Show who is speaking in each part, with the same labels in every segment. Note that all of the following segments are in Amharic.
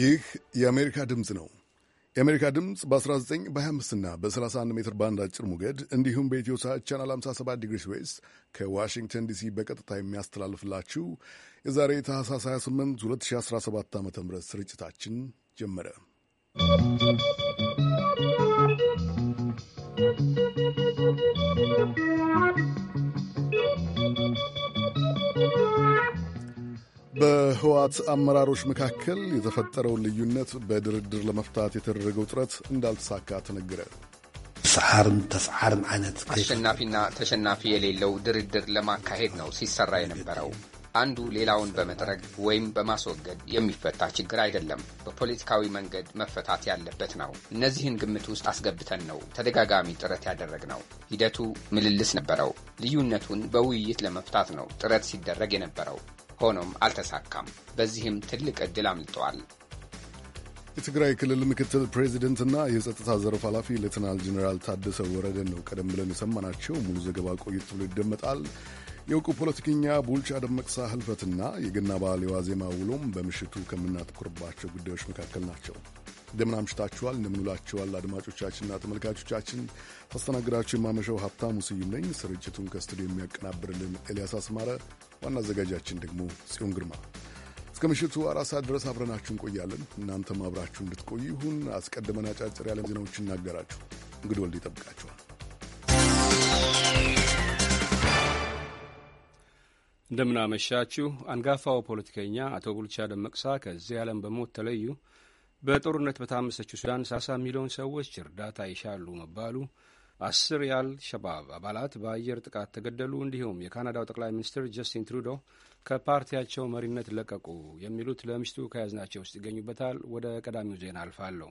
Speaker 1: ይህ የአሜሪካ ድምፅ ነው። የአሜሪካ ድምፅ በ19 በ25ና በ31 ሜትር ባንድ አጭር ሞገድ እንዲሁም በኢትዮ ሳት ቻናል 57 ዲግሪ ስዌስ ከዋሽንግተን ዲሲ በቀጥታ የሚያስተላልፍላችሁ የዛሬ ታህሳስ 28 2017 ዓ ም ስርጭታችን ጀመረ። በህወሓት አመራሮች መካከል የተፈጠረውን ልዩነት በድርድር ለመፍታት የተደረገው ጥረት እንዳልተሳካ ተነገረ። ሰዓርን ተሰዓርን አይነት
Speaker 2: አሸናፊና ተሸናፊ የሌለው ድርድር ለማካሄድ ነው ሲሰራ የነበረው። አንዱ ሌላውን በመጥረግ ወይም በማስወገድ የሚፈታ ችግር አይደለም። በፖለቲካዊ መንገድ መፈታት ያለበት ነው። እነዚህን ግምት ውስጥ አስገብተን ነው ተደጋጋሚ ጥረት ያደረግነው። ሂደቱ ምልልስ ነበረው። ልዩነቱን በውይይት ለመፍታት ነው ጥረት ሲደረግ የነበረው። ሆኖም አልተሳካም። በዚህም ትልቅ ዕድል አምልጠዋል።
Speaker 1: የትግራይ ክልል ምክትል ፕሬዚደንትና የጸጥታ ዘርፍ ኃላፊ ሌትናል ጀኔራል ታደሰ ወረደን ነው ቀደም ብለን የሰማናቸው። ሙሉ ዘገባ ቆየት ብሎ ይደመጣል። የእውቁ ፖለቲከኛ ቡልቻ ደመቅሳ ህልፈትና የገና በዓል የዋዜማ ውሎም በምሽቱ ከምናተኩርባቸው ጉዳዮች መካከል ናቸው። እንደምን አምሽታችኋል፣ እንደምንውላችኋል አድማጮቻችንና ተመልካቾቻችን። ታስተናግዳችሁ የማመሸው ሀብታሙ ስዩም ነኝ። ስርጭቱን ከስቱዲዮ የሚያቀናብርልን ኤልያስ አስማረ፣ ዋና አዘጋጃችን ደግሞ ጽዮን ግርማ። እስከ ምሽቱ አራት ሰዓት ድረስ አብረናችሁ እንቆያለን። እናንተም አብራችሁ እንድትቆዩ ይሁን። አስቀድመን አጫጭር ያለም ዜናዎች እናገራችሁ። እንግዲህ ወልድ ይጠብቃችኋል።
Speaker 3: እንደምናመሻችሁ። አንጋፋው ፖለቲከኛ አቶ ቡልቻ ደመቅሳ ከዚህ ዓለም በሞት ተለዩ። በጦርነት በታመሰችው ሱዳን 30 ሚሊዮን ሰዎች እርዳታ ይሻሉ መባሉ፣ አስር ሸባብ አባላት በአየር ጥቃት ተገደሉ፣ እንዲሁም የካናዳው ጠቅላይ ሚኒስትር ጀስቲን ትሩዶ ከፓርቲያቸው መሪነት ለቀቁ የሚሉት ለምሽቱ ከያዝናቸው ውስጥ ይገኙበታል። ወደ ቀዳሚው ዜና አልፋለሁ።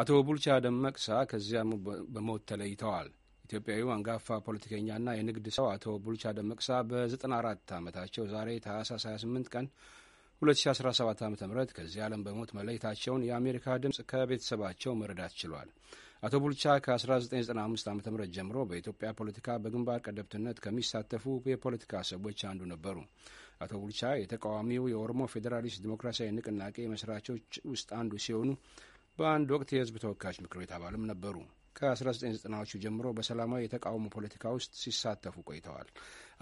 Speaker 3: አቶ ቡልቻ ደመቅሳ ከዚያም በሞት ተለይተዋል። ኢትዮጵያዊው አንጋፋ ፖለቲከኛና የንግድ ሰው አቶ ቡልቻ ደመቅሳ በ94 ዓመታቸው ዛሬ ታህሳስ 28 ቀን 2017 ዓ ም ከዚህ ዓለም በሞት መለየታቸውን የአሜሪካ ድምፅ ከቤተሰባቸው መረዳት ችሏል። አቶ ቡልቻ ከ1995 ዓ ም ጀምሮ በኢትዮጵያ ፖለቲካ በግንባር ቀደምትነት ከሚሳተፉ የፖለቲካ ሰዎች አንዱ ነበሩ። አቶ ቡልቻ የተቃዋሚው የኦሮሞ ፌዴራሊስት ዲሞክራሲያዊ ንቅናቄ መስራቾች ውስጥ አንዱ ሲሆኑ በአንድ ወቅት የህዝብ ተወካዮች ምክር ቤት አባልም ነበሩ። ከ1990ዎቹ ጀምሮ በሰላማዊ የተቃውሞ ፖለቲካ ውስጥ ሲሳተፉ ቆይተዋል።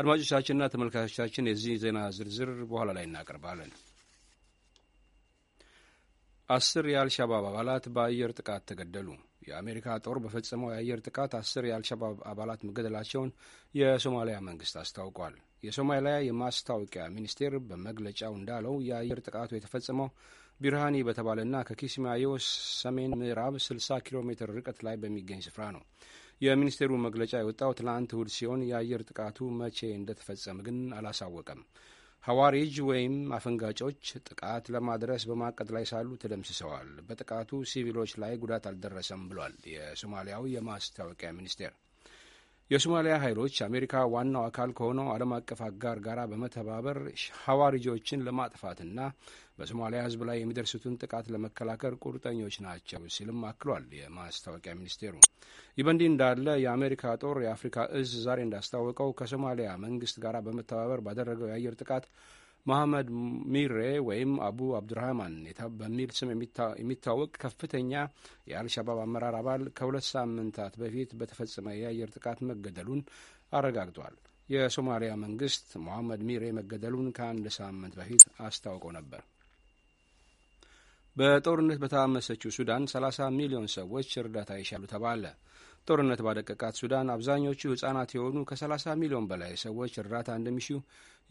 Speaker 3: አድማጮቻችንና ተመልካቾቻችን የዚህ ዜና ዝርዝር በኋላ ላይ እናቀርባለን። አስር የአልሻባብ አባላት በአየር ጥቃት ተገደሉ። የአሜሪካ ጦር በፈጸመው የአየር ጥቃት አስር የአልሻባብ አባላት መገደላቸውን የሶማሊያ መንግስት አስታውቋል። የሶማሊያ የማስታወቂያ ሚኒስቴር በመግለጫው እንዳለው የአየር ጥቃቱ የተፈጸመው ቢርሃኒ በተባለና ከኪስማዮ ሰሜን ምዕራብ 60 ኪሎ ሜትር ርቀት ላይ በሚገኝ ስፍራ ነው። የሚኒስቴሩ መግለጫ የወጣው ትናንት እሁድ ሲሆን የአየር ጥቃቱ መቼ እንደተፈጸመ ግን አላሳወቀም። ሐዋሪጅ ወይም አፈንጋጮች ጥቃት ለማድረስ በማቀድ ላይ ሳሉ ተደምስሰዋል። በጥቃቱ ሲቪሎች ላይ ጉዳት አልደረሰም ብሏል የሶማሊያው የማስታወቂያ ሚኒስቴር። የሶማሊያ ኃይሎች አሜሪካ ዋናው አካል ከሆነው ዓለም አቀፍ አጋር ጋር በመተባበር ሐዋርጆችን ለማጥፋትና በሶማሊያ ሕዝብ ላይ የሚደርሱትን ጥቃት ለመከላከል ቁርጠኞች ናቸው ሲልም አክሏል የማስታወቂያ ሚኒስቴሩ። ይህ በእንዲህ እንዳለ የአሜሪካ ጦር የአፍሪካ እዝ ዛሬ እንዳስታወቀው ከሶማሊያ መንግስት ጋር በመተባበር ባደረገው የአየር ጥቃት መሐመድ ሚሬ ወይም አቡ አብዱራህማን በሚል ስም የሚታወቅ ከፍተኛ የአልሻባብ አመራር አባል ከሁለት ሳምንታት በፊት በተፈጸመ የአየር ጥቃት መገደሉን አረጋግጧል። የሶማሊያ መንግስት መሐመድ ሚሬ መገደሉን ከአንድ ሳምንት በፊት አስታውቆ ነበር። በጦርነት በታመሰችው ሱዳን 30 ሚሊዮን ሰዎች እርዳታ ይሻሉ ተባለ። ጦርነት ባደቀቃት ሱዳን አብዛኞቹ ሕጻናት የሆኑ ከ30 ሚሊዮን በላይ ሰዎች እርዳታ እንደሚሹ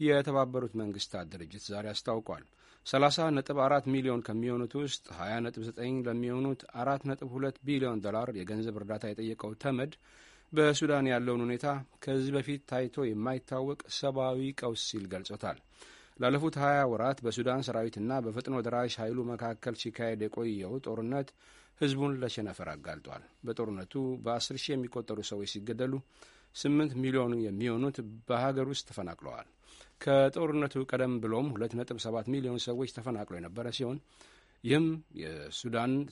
Speaker 3: የተባበሩት መንግስታት ድርጅት ዛሬ አስታውቋል። 30.4 ሚሊዮን ከሚሆኑት ውስጥ 20.9 ለሚሆኑት 4.2 ቢሊዮን ዶላር የገንዘብ እርዳታ የጠየቀው ተመድ በሱዳን ያለውን ሁኔታ ከዚህ በፊት ታይቶ የማይታወቅ ሰብአዊ ቀውስ ሲል ገልጾታል። ላለፉት 20 ወራት በሱዳን ሰራዊትና በፍጥኖ ደራሽ ኃይሉ መካከል ሲካሄድ የቆየው ጦርነት ህዝቡን ለሸነፈር አጋልጧል። በጦርነቱ በአስር ሺህ የሚቆጠሩ ሰዎች ሲገደሉ ስምንት ሚሊዮኑ የሚሆኑት በሀገር ውስጥ ተፈናቅለዋል። ከጦርነቱ ቀደም ብሎም ሁለት ነጥብ ሰባት ሚሊዮን ሰዎች ተፈናቅለው የነበረ ሲሆን ይህም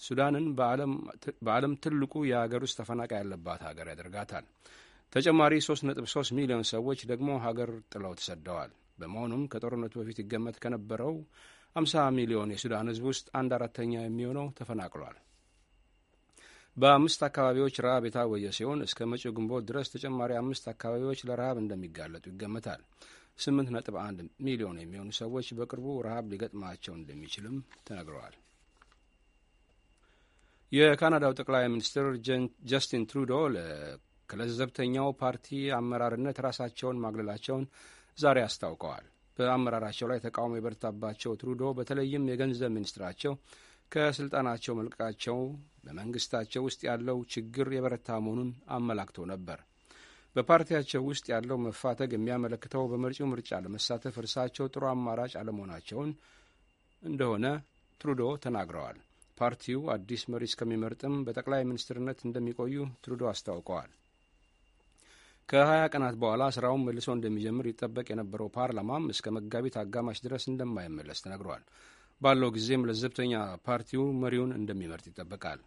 Speaker 3: ሱዳንን በዓለም ትልቁ የሀገር ውስጥ ተፈናቃይ ያለባት ሀገር ያደርጋታል። ተጨማሪ 3.3 ሚሊዮን ሰዎች ደግሞ ሀገር ጥለው ተሰደዋል። በመሆኑም ከጦርነቱ በፊት ይገመት ከነበረው 50 ሚሊዮን የሱዳን ህዝብ ውስጥ አንድ አራተኛ የሚሆነው ተፈናቅሏል። በአምስት አካባቢዎች ረሃብ የታወጀ ሲሆን እስከ መጪው ግንቦት ድረስ ተጨማሪ አምስት አካባቢዎች ለረሃብ እንደሚጋለጡ ይገመታል። 8.1 ሚሊዮን የሚሆኑ ሰዎች በቅርቡ ረሃብ ሊገጥማቸው እንደሚችልም ተነግረዋል። የካናዳው ጠቅላይ ሚኒስትር ጀስቲን ትሩዶ ለዘብተኛው ፓርቲ አመራርነት ራሳቸውን ማግለላቸውን ዛሬ አስታውቀዋል። በአመራራቸው ላይ ተቃውሞ የበረታባቸው ትሩዶ በተለይም የገንዘብ ሚኒስትራቸው ከስልጣናቸው መልቀቃቸው በመንግስታቸው ውስጥ ያለው ችግር የበረታ መሆኑን አመላክተው ነበር። በፓርቲያቸው ውስጥ ያለው መፋተግ የሚያመለክተው በመጪው ምርጫ ለመሳተፍ እርሳቸው ጥሩ አማራጭ አለመሆናቸውን እንደሆነ ትሩዶ ተናግረዋል። ፓርቲው አዲስ መሪ እስከሚመርጥም በጠቅላይ ሚኒስትርነት እንደሚቆዩ ትሩዶ አስታውቀዋል። ከ20 ቀናት በኋላ ስራውን መልሶ እንደሚጀምር ይጠበቅ የነበረው ፓርላማም እስከ መጋቢት አጋማሽ ድረስ እንደማይመለስ ተነግሯል። ባለው ጊዜም ለዘብተኛ ፓርቲው መሪውን እንደሚመርጥ ይጠበቃል።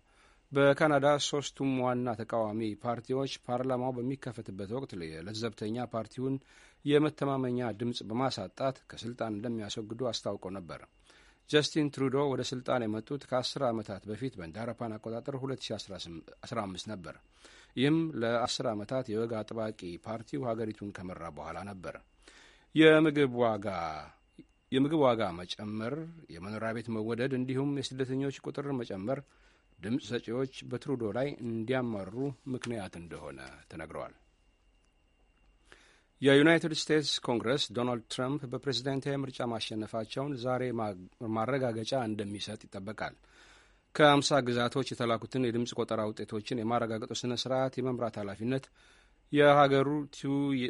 Speaker 3: በካናዳ ሶስቱም ዋና ተቃዋሚ ፓርቲዎች ፓርላማው በሚከፈትበት ወቅት ለዘብተኛ ፓርቲውን የመተማመኛ ድምፅ በማሳጣት ከስልጣን እንደሚያስወግዱ አስታውቀው ነበር። ጀስቲን ትሩዶ ወደ ስልጣን የመጡት ከ ዓመታት በፊት እንደ አውሮፓውያን አቆጣጠር 2015 ነበር። ይህም ለ ዓመታት የወግ አጥባቂ ፓርቲው ሀገሪቱን ከመራ በኋላ ነበር። የምግብ ዋጋ የምግብ ዋጋ መጨመር፣ የመኖሪያ ቤት መወደድ እንዲሁም የስደተኞች ቁጥር መጨመር ድምፅ ሰጪዎች በትሩዶ ላይ እንዲያማሩ ምክንያት እንደሆነ ተነግረዋል። የዩናይትድ ስቴትስ ኮንግረስ ዶናልድ ትራምፕ በፕሬዝዳንታዊ ምርጫ ማሸነፋቸውን ዛሬ ማረጋገጫ እንደሚሰጥ ይጠበቃል። ከአምሳ ግዛቶች የተላኩትን የድምፅ ቆጠራ ውጤቶችን የማረጋገጡ ስነ ስርዓት የመምራት ኃላፊነት የሀገሪቱ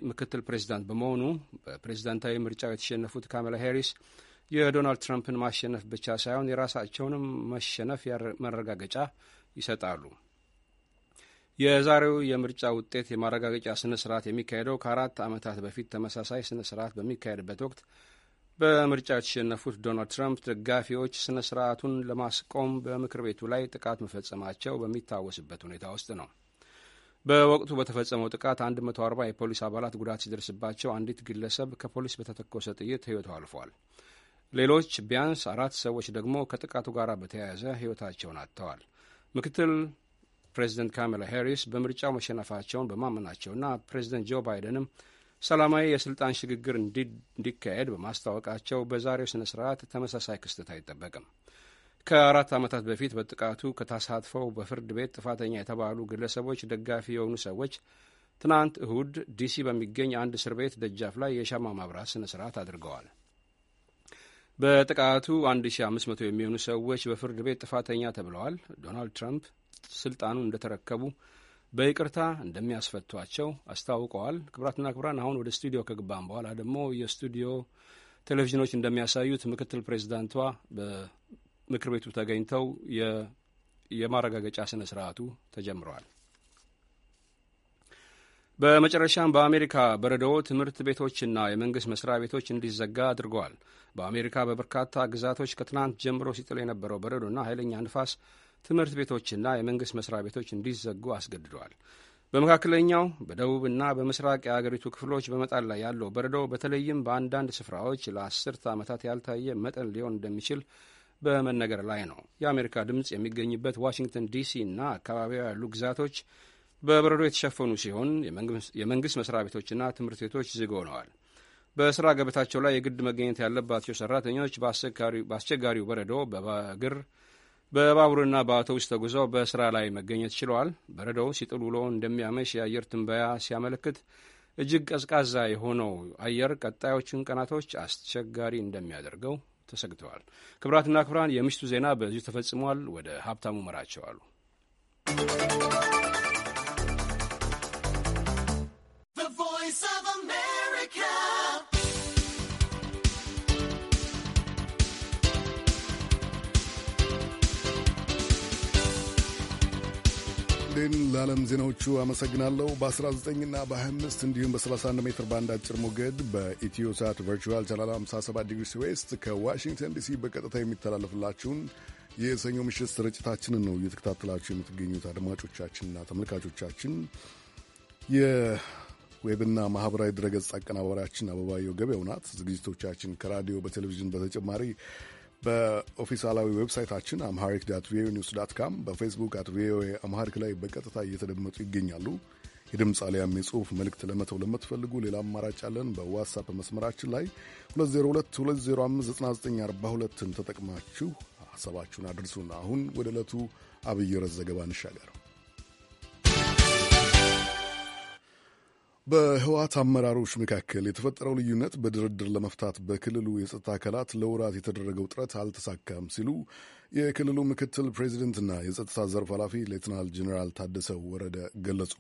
Speaker 3: ምክትል ፕሬዚዳንት በመሆኑ በፕሬዚዳንታዊ ምርጫ የተሸነፉት ካማላ ሄሪስ የዶናልድ ትራምፕን ማሸነፍ ብቻ ሳይሆን የራሳቸውንም መሸነፍ መረጋገጫ ይሰጣሉ። የዛሬው የምርጫ ውጤት የማረጋገጫ ስነ ስርዓት የሚካሄደው ከአራት ዓመታት በፊት ተመሳሳይ ስነ ስርዓት በሚካሄድበት ወቅት በምርጫ የተሸነፉት ዶናልድ ትራምፕ ደጋፊዎች ስነ ስርዓቱን ለማስቆም በምክር ቤቱ ላይ ጥቃት መፈጸማቸው በሚታወስበት ሁኔታ ውስጥ ነው። በወቅቱ በተፈጸመው ጥቃት 140 የፖሊስ አባላት ጉዳት ሲደርስባቸው አንዲት ግለሰብ ከፖሊስ በተተኮሰ ጥይት ህይወቱ አልፏል። ሌሎች ቢያንስ አራት ሰዎች ደግሞ ከጥቃቱ ጋር በተያያዘ ሕይወታቸውን አጥተዋል። ምክትል ፕሬዚደንት ካሜላ ሄሪስ በምርጫው መሸነፋቸውን በማመናቸውና ፕሬዚደንት ጆ ባይደንም ሰላማዊ የስልጣን ሽግግር እንዲካሄድ በማስታወቃቸው በዛሬው ስነ ስርዓት ተመሳሳይ ክስተት አይጠበቅም። ከአራት ዓመታት በፊት በጥቃቱ ከተሳትፈው በፍርድ ቤት ጥፋተኛ የተባሉ ግለሰቦች ደጋፊ የሆኑ ሰዎች ትናንት እሁድ ዲሲ በሚገኝ አንድ እስር ቤት ደጃፍ ላይ የሻማ ማብራት ስነ ስርዓት አድርገዋል። በጥቃቱ 1500 የሚሆኑ ሰዎች በፍርድ ቤት ጥፋተኛ ተብለዋል። ዶናልድ ትራምፕ ስልጣኑን እንደተረከቡ በይቅርታ እንደሚያስፈቷቸው አስታውቀዋል። ክብራትና ክብራን አሁን ወደ ስቱዲዮ ከገባን በኋላ ደግሞ የስቱዲዮ ቴሌቪዥኖች እንደሚያሳዩት ምክትል ፕሬዚዳንቷ ምክር ቤቱ ተገኝተው የማረጋገጫ ስነ ስርዓቱ ተጀምረዋል። በመጨረሻም በአሜሪካ በረዶ ትምህርት ቤቶችና የመንግሥት መስሪያ ቤቶች እንዲዘጋ አድርገዋል። በአሜሪካ በበርካታ ግዛቶች ከትናንት ጀምሮ ሲጥል የነበረው በረዶና ኃይለኛ ንፋስ ትምህርት ቤቶችና የመንግሥት መስሪያ ቤቶች እንዲዘጉ አስገድደዋል። በመካከለኛው በደቡብና በምስራቅ የአገሪቱ ክፍሎች በመጣል ላይ ያለው በረዶ በተለይም በአንዳንድ ስፍራዎች ለአስርተ ዓመታት ያልታየ መጠን ሊሆን እንደሚችል በመነገር ላይ ነው። የአሜሪካ ድምፅ የሚገኝበት ዋሽንግተን ዲሲ እና አካባቢዋ ያሉ ግዛቶች በበረዶ የተሸፈኑ ሲሆን የመንግሥት መስሪያ ቤቶችና ትምህርት ቤቶች ዝግ ሆነዋል። በስራ ገበታቸው ላይ የግድ መገኘት ያለባቸው ሰራተኞች በአስቸጋሪው በረዶ በእግር በባቡርና በአውቶቡስ ተጉዘው በስራ ላይ መገኘት ችለዋል። በረዶው ሲጥል ውሎ እንደሚያመሽ የአየር ትንበያ ሲያመለክት እጅግ ቀዝቃዛ የሆነው አየር ቀጣዮቹን ቀናቶች አስቸጋሪ እንደሚያደርገው ተሰግተዋል። ክብራትና ክብራን፣ የምሽቱ ዜና በዚሁ ተፈጽሟል። ወደ ሀብታሙ መራቸዋሉ።
Speaker 1: ለዓለም ዜናዎቹ አመሰግናለሁ። በ19ና በ25 እንዲሁም በ31 ሜትር ባንድ አጭር ሞገድ በኢትዮሳት ቨርቹዋል ቻናል 57 ዲግሪ ዌስት ከዋሽንግተን ዲሲ በቀጥታ የሚተላለፍላችሁን የሰኞ ምሽት ስርጭታችንን ነው እየተከታተላችሁ የምትገኙት አድማጮቻችንና ተመልካቾቻችን። የዌብና ማህበራዊ ድረገጽ አቀናባሪያችን አበባየው ገበያው ናት። ዝግጅቶቻችን ከራዲዮ በቴሌቪዥን በተጨማሪ በኦፊሳላዊ ዌብሳይታችን አምሃሪክ ዳት ቪኦኤ ኒውስ ዳት ካም በፌስቡክ አት ቪኦኤ አምሃሪክ ላይ በቀጥታ እየተደመጡ ይገኛሉ። የድምፅ አሊያም የጽሑፍ መልእክት ለመተው ለምትፈልጉ ሌላ አማራጭ አለን። በዋትሳፕ መስመራችን ላይ 2022059942ን ተጠቅማችሁ ሀሳባችሁን አድርሱና አሁን ወደ ዕለቱ አብይ ርዕስ ዘገባ እንሻገር። በህወሓት አመራሮች መካከል የተፈጠረው ልዩነት በድርድር ለመፍታት በክልሉ የጸጥታ አካላት ለውራት የተደረገው ጥረት አልተሳካም ሲሉ የክልሉ ምክትል ፕሬዚደንትና የጸጥታ ዘርፍ ኃላፊ ሌትናል ጀኔራል ታደሰ ወረደ ገለጹ።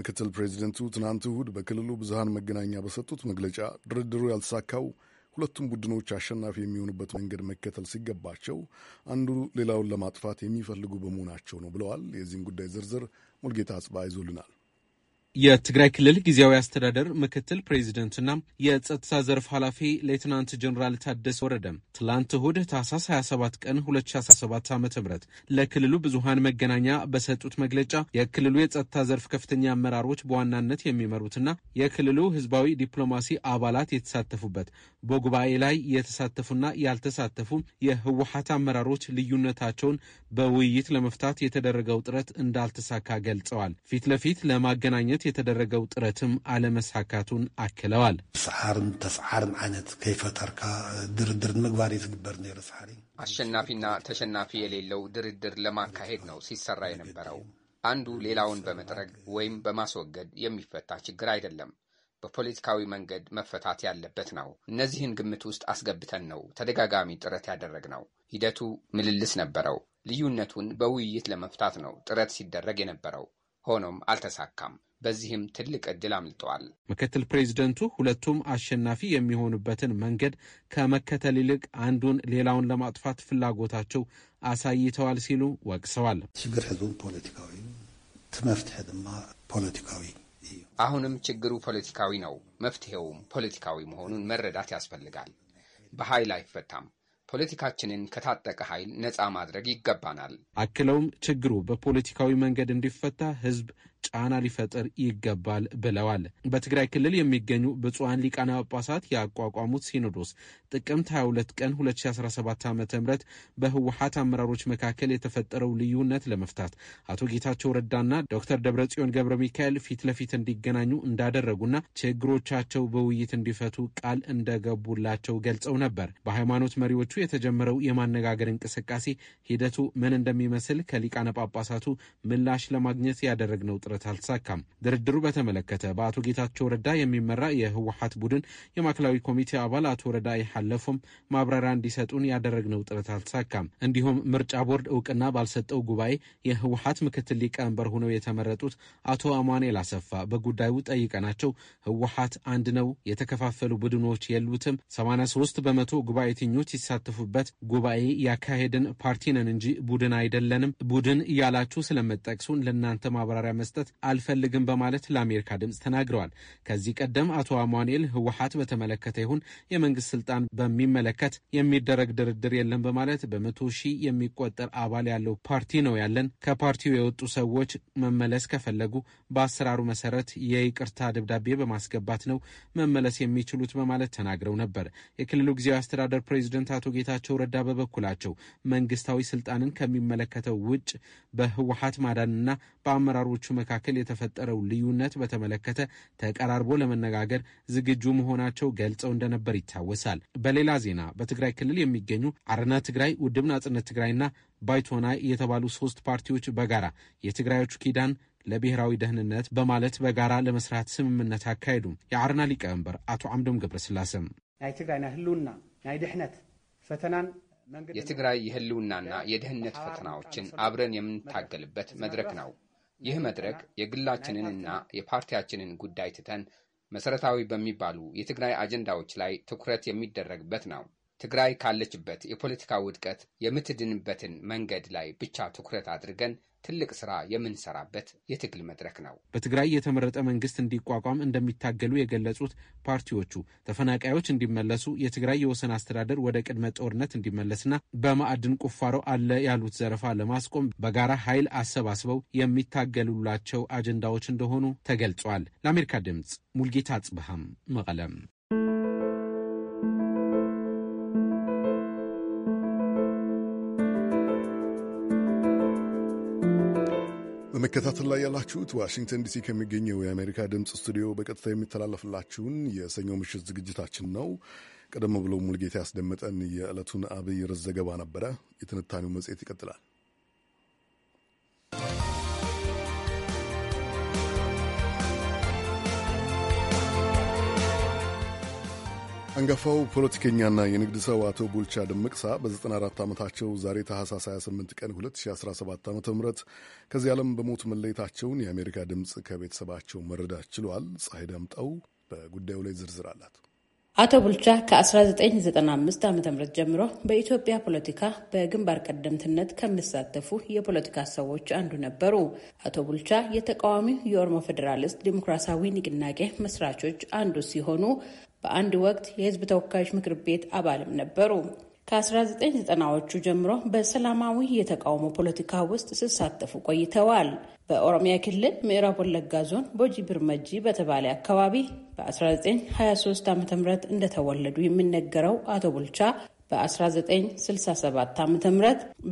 Speaker 1: ምክትል ፕሬዚደንቱ ትናንት እሁድ በክልሉ ብዙሃን መገናኛ በሰጡት መግለጫ ድርድሩ ያልተሳካው ሁለቱም ቡድኖች አሸናፊ የሚሆኑበት መንገድ መከተል ሲገባቸው አንዱ ሌላውን ለማጥፋት የሚፈልጉ በመሆናቸው ነው ብለዋል። የዚህን ጉዳይ ዝርዝር ሙልጌታ አጽባ ይዞልናል።
Speaker 4: የትግራይ ክልል ጊዜያዊ አስተዳደር ምክትል ፕሬዚደንትና የጸጥታ ዘርፍ ኃላፊ ሌትናንት ጀኔራል ታደሰ ወረደ ትላንት እሁድ ታህሳስ 27 ቀን 2017 ዓ ም ለክልሉ ብዙሃን መገናኛ በሰጡት መግለጫ የክልሉ የጸጥታ ዘርፍ ከፍተኛ አመራሮች በዋናነት የሚመሩትና የክልሉ ህዝባዊ ዲፕሎማሲ አባላት የተሳተፉበት በጉባኤ ላይ የተሳተፉና ያልተሳተፉ የህወሀት አመራሮች ልዩነታቸውን በውይይት ለመፍታት የተደረገው ጥረት እንዳልተሳካ ገልጸዋል። ፊት ለፊት ለማገናኘት የተደረገው ጥረትም አለመሳካቱን አክለዋል። ሰዓርን ተስዓርን ዓይነት ከይፈጠርካ ድርድርን ምግባር የትግበር ነይሩ ሰዓሪ
Speaker 2: አሸናፊና ተሸናፊ የሌለው ድርድር ለማካሄድ ነው ሲሰራ የነበረው። አንዱ ሌላውን በመጥረግ ወይም በማስወገድ የሚፈታ ችግር አይደለም። በፖለቲካዊ መንገድ መፈታት ያለበት ነው። እነዚህን ግምት ውስጥ አስገብተን ነው ተደጋጋሚ ጥረት ያደረግነው። ሂደቱ ምልልስ ነበረው። ልዩነቱን በውይይት ለመፍታት ነው ጥረት ሲደረግ የነበረው። ሆኖም አልተሳካም። በዚህም ትልቅ እድል አምልጠዋል።
Speaker 4: ምክትል ፕሬዚደንቱ ሁለቱም አሸናፊ የሚሆኑበትን መንገድ ከመከተል ይልቅ አንዱን ሌላውን ለማጥፋት ፍላጎታቸው አሳይተዋል ሲሉ ወቅሰዋል። ችግር ሕዝቡ ፖለቲካዊ ትመፍትሄ ድማ
Speaker 2: ፖለቲካዊ አሁንም ችግሩ ፖለቲካዊ ነው፣ መፍትሄውም ፖለቲካዊ መሆኑን መረዳት ያስፈልጋል። በኃይል አይፈታም። ፖለቲካችንን ከታጠቀ ኃይል ነፃ ማድረግ ይገባናል።
Speaker 4: አክለውም ችግሩ በፖለቲካዊ መንገድ እንዲፈታ ህዝብ ጫና ሊፈጥር ይገባል ብለዋል። በትግራይ ክልል የሚገኙ ብፁዓን ሊቃነ ጳጳሳት ያቋቋሙት ሲኖዶስ ጥቅምት 22 ቀን 2017 ዓ ም በህወሀት አመራሮች መካከል የተፈጠረው ልዩነት ለመፍታት አቶ ጌታቸው ረዳና ዶክተር ደብረጽዮን ገብረ ሚካኤል ፊት ለፊት እንዲገናኙ እንዳደረጉና ችግሮቻቸው በውይይት እንዲፈቱ ቃል እንደገቡላቸው ገልጸው ነበር። በሃይማኖት መሪዎቹ የተጀመረው የማነጋገር እንቅስቃሴ ሂደቱ ምን እንደሚመስል ከሊቃነ ጳጳሳቱ ምላሽ ለማግኘት ያደረግነው ጥረት ጥረት አልተሳካም። ድርድሩ በተመለከተ በአቶ ጌታቸው ረዳ የሚመራ የህወሀት ቡድን የማዕከላዊ ኮሚቴ አባል አቶ ረዳ ሃለፎም ማብራሪያ እንዲሰጡን ያደረግነው ጥረት አልተሳካም። እንዲሁም ምርጫ ቦርድ እውቅና ባልሰጠው ጉባኤ የህወሀት ምክትል ሊቀመንበር ሆነው የተመረጡት አቶ አማኔል አሰፋ በጉዳዩ ጠይቀናቸው ህወሀት አንድ ነው፣ የተከፋፈሉ ቡድኖች የሉትም፣ 83 በመቶ ጉባኤተኞች ይሳተፉበት ጉባኤ ያካሄድን ፓርቲ ነን እንጂ ቡድን አይደለንም። ቡድን እያላችሁ ስለመጠቅሱን ለእናንተ ማብራሪያ መስጠት መስጠት አልፈልግም በማለት ለአሜሪካ ድምፅ ተናግረዋል። ከዚህ ቀደም አቶ አማኑኤል ህወሀት በተመለከተ ይሁን የመንግስት ስልጣን በሚመለከት የሚደረግ ድርድር የለም በማለት በመቶ ሺህ የሚቆጠር አባል ያለው ፓርቲ ነው ያለን። ከፓርቲው የወጡ ሰዎች መመለስ ከፈለጉ በአሰራሩ መሰረት የይቅርታ ደብዳቤ በማስገባት ነው መመለስ የሚችሉት በማለት ተናግረው ነበር። የክልሉ ጊዜያዊ አስተዳደር ፕሬዚደንት አቶ ጌታቸው ረዳ በበኩላቸው መንግስታዊ ስልጣንን ከሚመለከተው ውጭ በህወሀት ማዳንና በአመራሮቹ መካከል የተፈጠረው ልዩነት በተመለከተ ተቀራርቦ ለመነጋገር ዝግጁ መሆናቸው ገልጸው እንደነበር ይታወሳል። በሌላ ዜና በትግራይ ክልል የሚገኙ አረና ትግራይ፣ ውድብ ናጽነት ትግራይና ባይቶና የተባሉ ሶስት ፓርቲዎች በጋራ የትግራዮቹ ኪዳን ለብሔራዊ ደህንነት በማለት በጋራ ለመስራት ስምምነት አካሄዱ። የአረና ሊቀመንበር አቶ አምዶም ገብረስላሰም
Speaker 2: ናይ ትግራይ ናይ ህልውና ናይ ድሕነት ፈተናን የትግራይ የህልውናና የደህንነት ፈተናዎችን አብረን የምንታገልበት መድረክ ነው። ይህ መድረክ የግላችንንና የፓርቲያችንን ጉዳይ ትተን መሰረታዊ በሚባሉ የትግራይ አጀንዳዎች ላይ ትኩረት የሚደረግበት ነው። ትግራይ ካለችበት የፖለቲካ ውድቀት የምትድንበትን መንገድ ላይ ብቻ ትኩረት አድርገን ትልቅ ስራ የምንሰራበት የትግል መድረክ ነው።
Speaker 4: በትግራይ የተመረጠ መንግስት እንዲቋቋም እንደሚታገሉ የገለጹት ፓርቲዎቹ ተፈናቃዮች እንዲመለሱ፣ የትግራይ የወሰን አስተዳደር ወደ ቅድመ ጦርነት እንዲመለስና በማዕድን ቁፋሮ አለ ያሉት ዘረፋ ለማስቆም በጋራ ኃይል አሰባስበው የሚታገሉላቸው አጀንዳዎች እንደሆኑ ተገልጿል። ለአሜሪካ ድምፅ ሙልጌታ አጽብሃም መቀለም
Speaker 1: በመከታተል ላይ ያላችሁት ዋሽንግተን ዲሲ ከሚገኘው የአሜሪካ ድምፅ ስቱዲዮ በቀጥታ የሚተላለፍላችሁን የሰኞ ምሽት ዝግጅታችን ነው። ቀደም ብሎ ሙልጌታ ያስደመጠን የዕለቱን አብይ ርዕስ ዘገባ ነበረ። የትንታኔው መጽሔት ይቀጥላል። አንጋፋው ፖለቲከኛና የንግድ ሰው አቶ ቡልቻ ደመቅሳ በ94 ዓመታቸው ዛሬ ታህሳስ 28 ቀን 2017 ዓ ም ከዚህ ዓለም በሞት መለየታቸውን የአሜሪካ ድምፅ ከቤተሰባቸው መረዳት ችሏል። ፀሐይ ዳምጠው በጉዳዩ ላይ ዝርዝር አላት።
Speaker 5: አቶ ቡልቻ ከ1995 ዓ ም ጀምሮ በኢትዮጵያ ፖለቲካ በግንባር ቀደምትነት ከሚሳተፉ የፖለቲካ ሰዎች አንዱ ነበሩ። አቶ ቡልቻ የተቃዋሚው የኦሮሞ ፌዴራሊስት ዲሞክራሲያዊ ንቅናቄ መስራቾች አንዱ ሲሆኑ በአንድ ወቅት የህዝብ ተወካዮች ምክር ቤት አባልም ነበሩ። ከ1990ዎቹ ጀምሮ በሰላማዊ የተቃውሞ ፖለቲካ ውስጥ ሲሳተፉ ቆይተዋል። በኦሮሚያ ክልል ምዕራብ ወለጋ ዞን ቦጂ ብርመጂ በተባለ አካባቢ በ1923 ዓ ም እንደተወለዱ የሚነገረው አቶ ቡልቻ በ1967 ዓ ም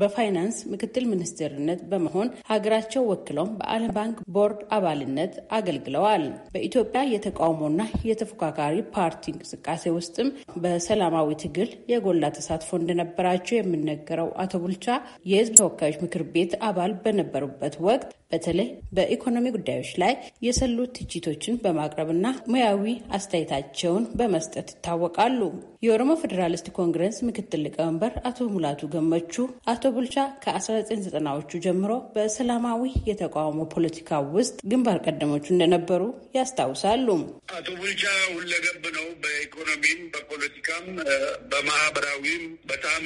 Speaker 5: በፋይናንስ ምክትል ሚኒስትርነት በመሆን ሀገራቸው ወክለውም በዓለም ባንክ ቦርድ አባልነት አገልግለዋል። በኢትዮጵያ የተቃውሞና የተፎካካሪ ፓርቲ እንቅስቃሴ ውስጥም በሰላማዊ ትግል የጎላ ተሳትፎ እንደነበራቸው የሚነገረው አቶ ቡልቻ የህዝብ ተወካዮች ምክር ቤት አባል በነበሩበት ወቅት በተለይ በኢኮኖሚ ጉዳዮች ላይ የሰሉ ትችቶችን በማቅረብና ሙያዊ አስተያየታቸውን በመስጠት ይታወቃሉ። የኦሮሞ ፌዴራሊስት ኮንግረስ ምክትል ሊቀመንበር አቶ ሙላቱ ገመቹ አቶ ቡልቻ ከ1990ዎቹ ጀምሮ በሰላማዊ የተቃውሞ ፖለቲካ ውስጥ ግንባር ቀደሞቹ እንደነበሩ ያስታውሳሉ።
Speaker 6: አቶ ቡልቻ ሁለገብ ነው። በኢኮኖሚም፣ በፖለቲካም፣ በማህበራዊም በጣም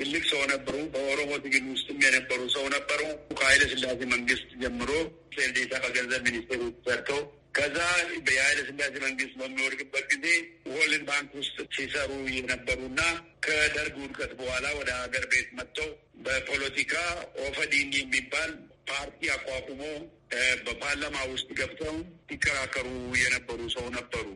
Speaker 6: ትልቅ ሰው ነበሩ። በኦሮሞ ትግል ውስጥም የነበሩ ሰው ነበሩ። ከኃይለ ስላሴ መንግስት ጀምሮ ዴሳ ከገንዘብ ሚኒስቴር ሰርተው ከዛ የኃይለ ስላሴ መንግስት በሚወድቅበት ጊዜ ወርልድ ባንክ ውስጥ ሲሰሩ የነበሩና ከደርግ ውድቀት በኋላ ወደ ሀገር ቤት መጥተው በፖለቲካ ኦፈዲን የሚባል ፓርቲ አቋቁሞ በፓርላማ ውስጥ ገብተው ይከራከሩ የነበሩ ሰው ነበሩ።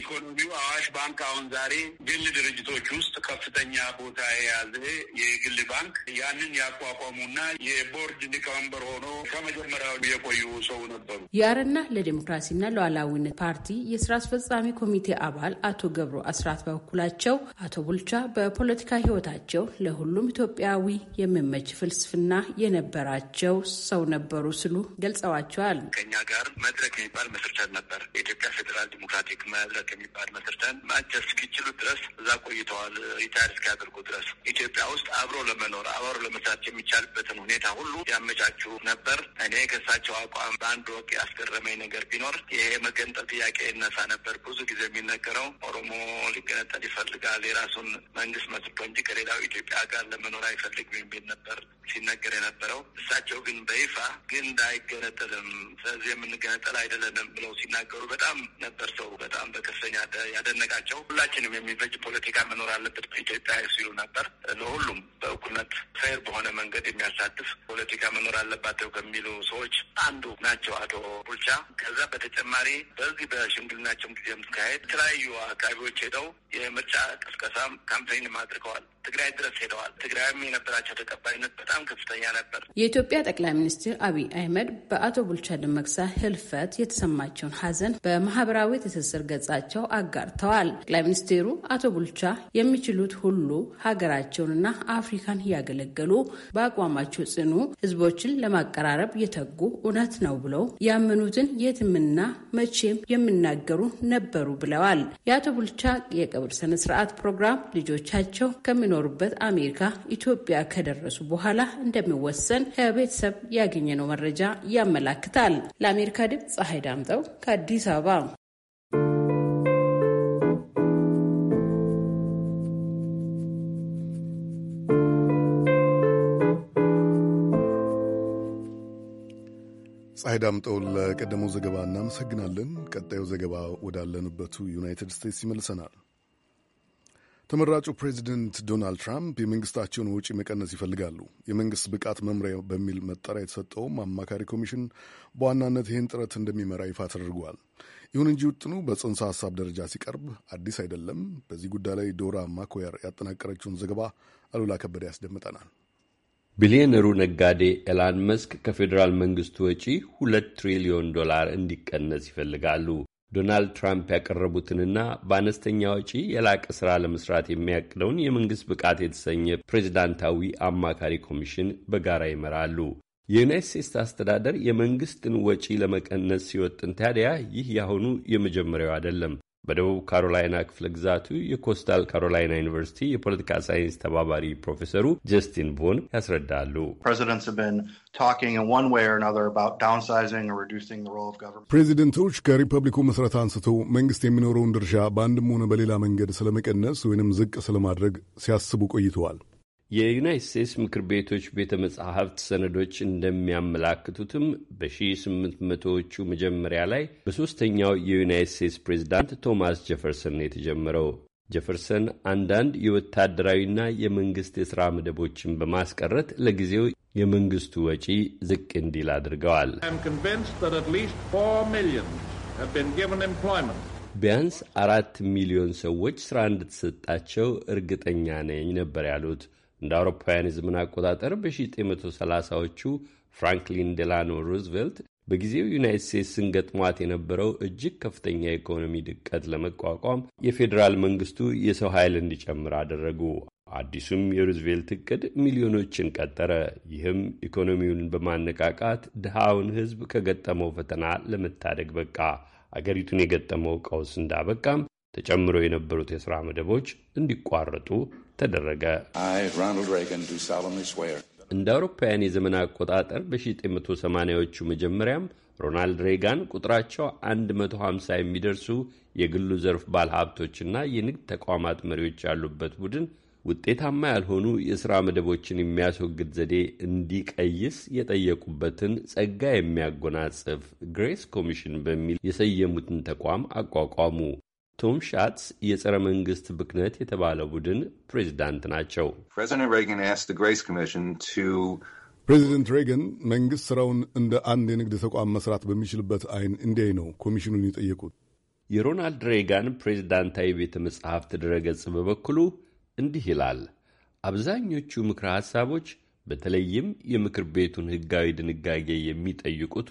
Speaker 6: ኢኮኖሚው አዋሽ ባንክ አሁን ዛሬ ግል ድርጅቶች ውስጥ ከፍተኛ ቦታ የያዘ የግል ባንክ ያንን ያቋቋሙና የቦርድ ሊቀመንበር ሆኖ ከመጀመሪያው የቆዩ ሰው ነበሩ።
Speaker 5: የአረና ለዲሞክራሲና ለሉዓላዊነት ፓርቲ የስራ አስፈጻሚ ኮሚቴ አባል አቶ ገብሩ አስራት በበኩላቸው አቶ ቡልቻ በፖለቲካ ህይወታቸው ለሁሉም ኢትዮጵያዊ የሚመች ፍልስፍና የነበራቸው ሰው ነበሩ ስሉ ገልጸዋል። ይኖራቸዋል። ከኛ ጋር መድረክ የሚባል መስርተን ነበር። የኢትዮጵያ ፌዴራል ዲሞክራቲክ መድረክ የሚባል መስርተን ማጨስ
Speaker 6: እስኪችሉ ድረስ እዛ ቆይተዋል። ሪታይር እስኪያደርጉ ድረስ ኢትዮጵያ ውስጥ አብሮ ለመኖር አብሮ ለመስራት የሚቻልበትን ሁኔታ ሁሉ ያመቻቹ ነበር። እኔ ከእሳቸው አቋም በአንድ ወቅት ያስገረመኝ ነገር ቢኖር ይሄ መገንጠል ጥያቄ ይነሳ ነበር። ብዙ ጊዜ የሚነገረው ኦሮሞ ሊገነጠል ይፈልጋል የራሱን መንግስት መስርቶ እንጂ ከሌላው ኢትዮጵያ ጋር ለመኖር አይፈልግም የሚል ነበር ሲነገር የነበረው። እሳቸው ግን በይፋ ግን እንዳይገነጠል አይደለም፣ ስለዚህ የምንገነጠል አይደለንም ብለው ሲናገሩ በጣም ነበር ሰው በጣም በከፍተኛ ያደነቃቸው። ሁላችንም የሚበጅ ፖለቲካ መኖር አለበት በኢትዮጵያ ሲሉ ነበር። ለሁሉም በእኩልነት ፌር በሆነ መንገድ የሚያሳትፍ ፖለቲካ መኖር አለባቸው ከሚሉ ሰዎች አንዱ ናቸው አቶ ቡልቻ። ከዛ በተጨማሪ በዚህ በሽምግልናቸው ጊዜ ምካሄድ የተለያዩ አካባቢዎች ሄደው የምርጫ ቅስቀሳም ካምፔንም አድርገዋል። ትግራይ ድረስ ሄደዋል። ትግራይም የነበራቸው ተቀባይነት በጣም
Speaker 5: ከፍተኛ ነበር። የኢትዮጵያ ጠቅላይ ሚኒስትር አብይ አህመድ በአ በአቶ ቡልቻድን መቅሳ ህልፈት የተሰማቸውን ሀዘን በማህበራዊ ትስስር ገጻቸው አጋርተዋል። ጠቅላይ ሚኒስትሩ አቶ ቡልቻ የሚችሉት ሁሉ ሀገራቸውንና አፍሪካን እያገለገሉ በአቋማቸው ጽኑ፣ ህዝቦችን ለማቀራረብ የተጉ እውነት ነው ብለው ያመኑትን የትምና መቼም የሚናገሩ ነበሩ ብለዋል። የአቶ ቡልቻ የቀብር ስነ ስርዓት ፕሮግራም ልጆቻቸው ከሚኖሩበት አሜሪካ ኢትዮጵያ ከደረሱ በኋላ እንደሚወሰን ከቤተሰብ ያገኘነው መረጃ ያመላል ያመላክታል። ለአሜሪካ ድምፅ ፀሐይ ዳምጠው ከአዲስ አበባ።
Speaker 1: ፀሐይ ዳምጠው ለቀደመው ዘገባ እናመሰግናለን። ቀጣዩ ዘገባ ወዳለንበቱ ዩናይትድ ስቴትስ ይመልሰናል። ተመራጩ ፕሬዚደንት ዶናልድ ትራምፕ የመንግስታቸውን ወጪ መቀነስ ይፈልጋሉ። የመንግስት ብቃት መምሪያ በሚል መጠሪያ የተሰጠውም አማካሪ ኮሚሽን በዋናነት ይህን ጥረት እንደሚመራ ይፋ ተደርጓል። ይሁን እንጂ ውጥኑ በጽንሰ ሀሳብ ደረጃ ሲቀርብ አዲስ አይደለም። በዚህ ጉዳይ ላይ ዶራ ማኮያር ያጠናቀረችውን ዘገባ አሉላ ከበደ ያስደምጠናል።
Speaker 7: ቢሊዮነሩ ነጋዴ ኤላን መስክ ከፌዴራል መንግስቱ ወጪ ሁለት ትሪሊዮን ዶላር እንዲቀነስ ይፈልጋሉ። ዶናልድ ትራምፕ ያቀረቡትንና በአነስተኛ ወጪ የላቀ ሥራ ለመስራት የሚያቅደውን የመንግሥት ብቃት የተሰኘ ፕሬዚዳንታዊ አማካሪ ኮሚሽን በጋራ ይመራሉ። የዩናይት ስቴትስ አስተዳደር የመንግሥትን ወጪ ለመቀነስ ሲወጥን ታዲያ ይህ ያሁኑ የመጀመሪያው አይደለም። በደቡብ ካሮላይና ክፍለ ግዛቱ የኮስታል ካሮላይና ዩኒቨርሲቲ የፖለቲካ ሳይንስ ተባባሪ ፕሮፌሰሩ ጀስቲን ቦን ያስረዳሉ።
Speaker 1: ፕሬዚደንቶች ከሪፐብሊኩ መሠረት አንስቶ መንግስት የሚኖረውን ድርሻ በአንድም ሆነ በሌላ መንገድ ስለመቀነስ ወይንም ዝቅ ስለማድረግ ሲያስቡ ቆይተዋል።
Speaker 7: የዩናይት ስቴትስ ምክር ቤቶች ቤተ መጻሕፍት ሰነዶች እንደሚያመላክቱትም በ1800ዎቹ መጀመሪያ ላይ በሦስተኛው የዩናይት ስቴትስ ፕሬዝዳንት ቶማስ ጀፈርሰን ነው የተጀመረው። ጀፈርሰን አንዳንድ የወታደራዊና የመንግሥት የሥራ መደቦችን በማስቀረት ለጊዜው የመንግሥቱ ወጪ ዝቅ እንዲል አድርገዋል። ቢያንስ አራት ሚሊዮን ሰዎች ሥራ እንደተሰጣቸው እርግጠኛ ነኝ ነበር ያሉት እንደ አውሮፓውያን የዘመን አቆጣጠር በ1930ዎቹ ፍራንክሊን ዴላኖ ሩዝቬልት በጊዜው ዩናይት ስቴትስን ገጥሟት የነበረው እጅግ ከፍተኛ የኢኮኖሚ ድቀት ለመቋቋም የፌዴራል መንግስቱ የሰው ኃይል እንዲጨምር አደረጉ። አዲሱም የሩዝቬልት እቅድ ሚሊዮኖችን ቀጠረ። ይህም ኢኮኖሚውን በማነቃቃት ድሃውን ሕዝብ ከገጠመው ፈተና ለመታደግ በቃ። አገሪቱን የገጠመው ቀውስ እንዳበቃም ተጨምሮ የነበሩት የሥራ መደቦች እንዲቋረጡ ተደረገ። እንደ አውሮፓውያን የዘመን አቆጣጠር በ1980ዎቹ መጀመሪያም ሮናልድ ሬጋን ቁጥራቸው 150 የሚደርሱ የግሉ ዘርፍ ባለሀብቶችና የንግድ ተቋማት መሪዎች ያሉበት ቡድን ውጤታማ ያልሆኑ የሥራ መደቦችን የሚያስወግድ ዘዴ እንዲቀይስ የጠየቁበትን ጸጋ የሚያጎናጽፍ ግሬስ ኮሚሽን በሚል የሰየሙትን ተቋም አቋቋሙ። ቶም ሻትስ የጸረ መንግስት ብክነት የተባለ ቡድን ፕሬዚዳንት ናቸው።
Speaker 1: ፕሬዚደንት ሬገን መንግስት ስራውን እንደ አንድ የንግድ ተቋም መስራት በሚችልበት አይን እንዲያይ ነው ኮሚሽኑን የጠየቁት።
Speaker 7: የሮናልድ ሬጋን ፕሬዚዳንታዊ ቤተ መጽሐፍት ድረገጽ በበኩሉ እንዲህ ይላል። አብዛኞቹ ምክረ ሐሳቦች በተለይም የምክር ቤቱን ሕጋዊ ድንጋጌ የሚጠይቁቱ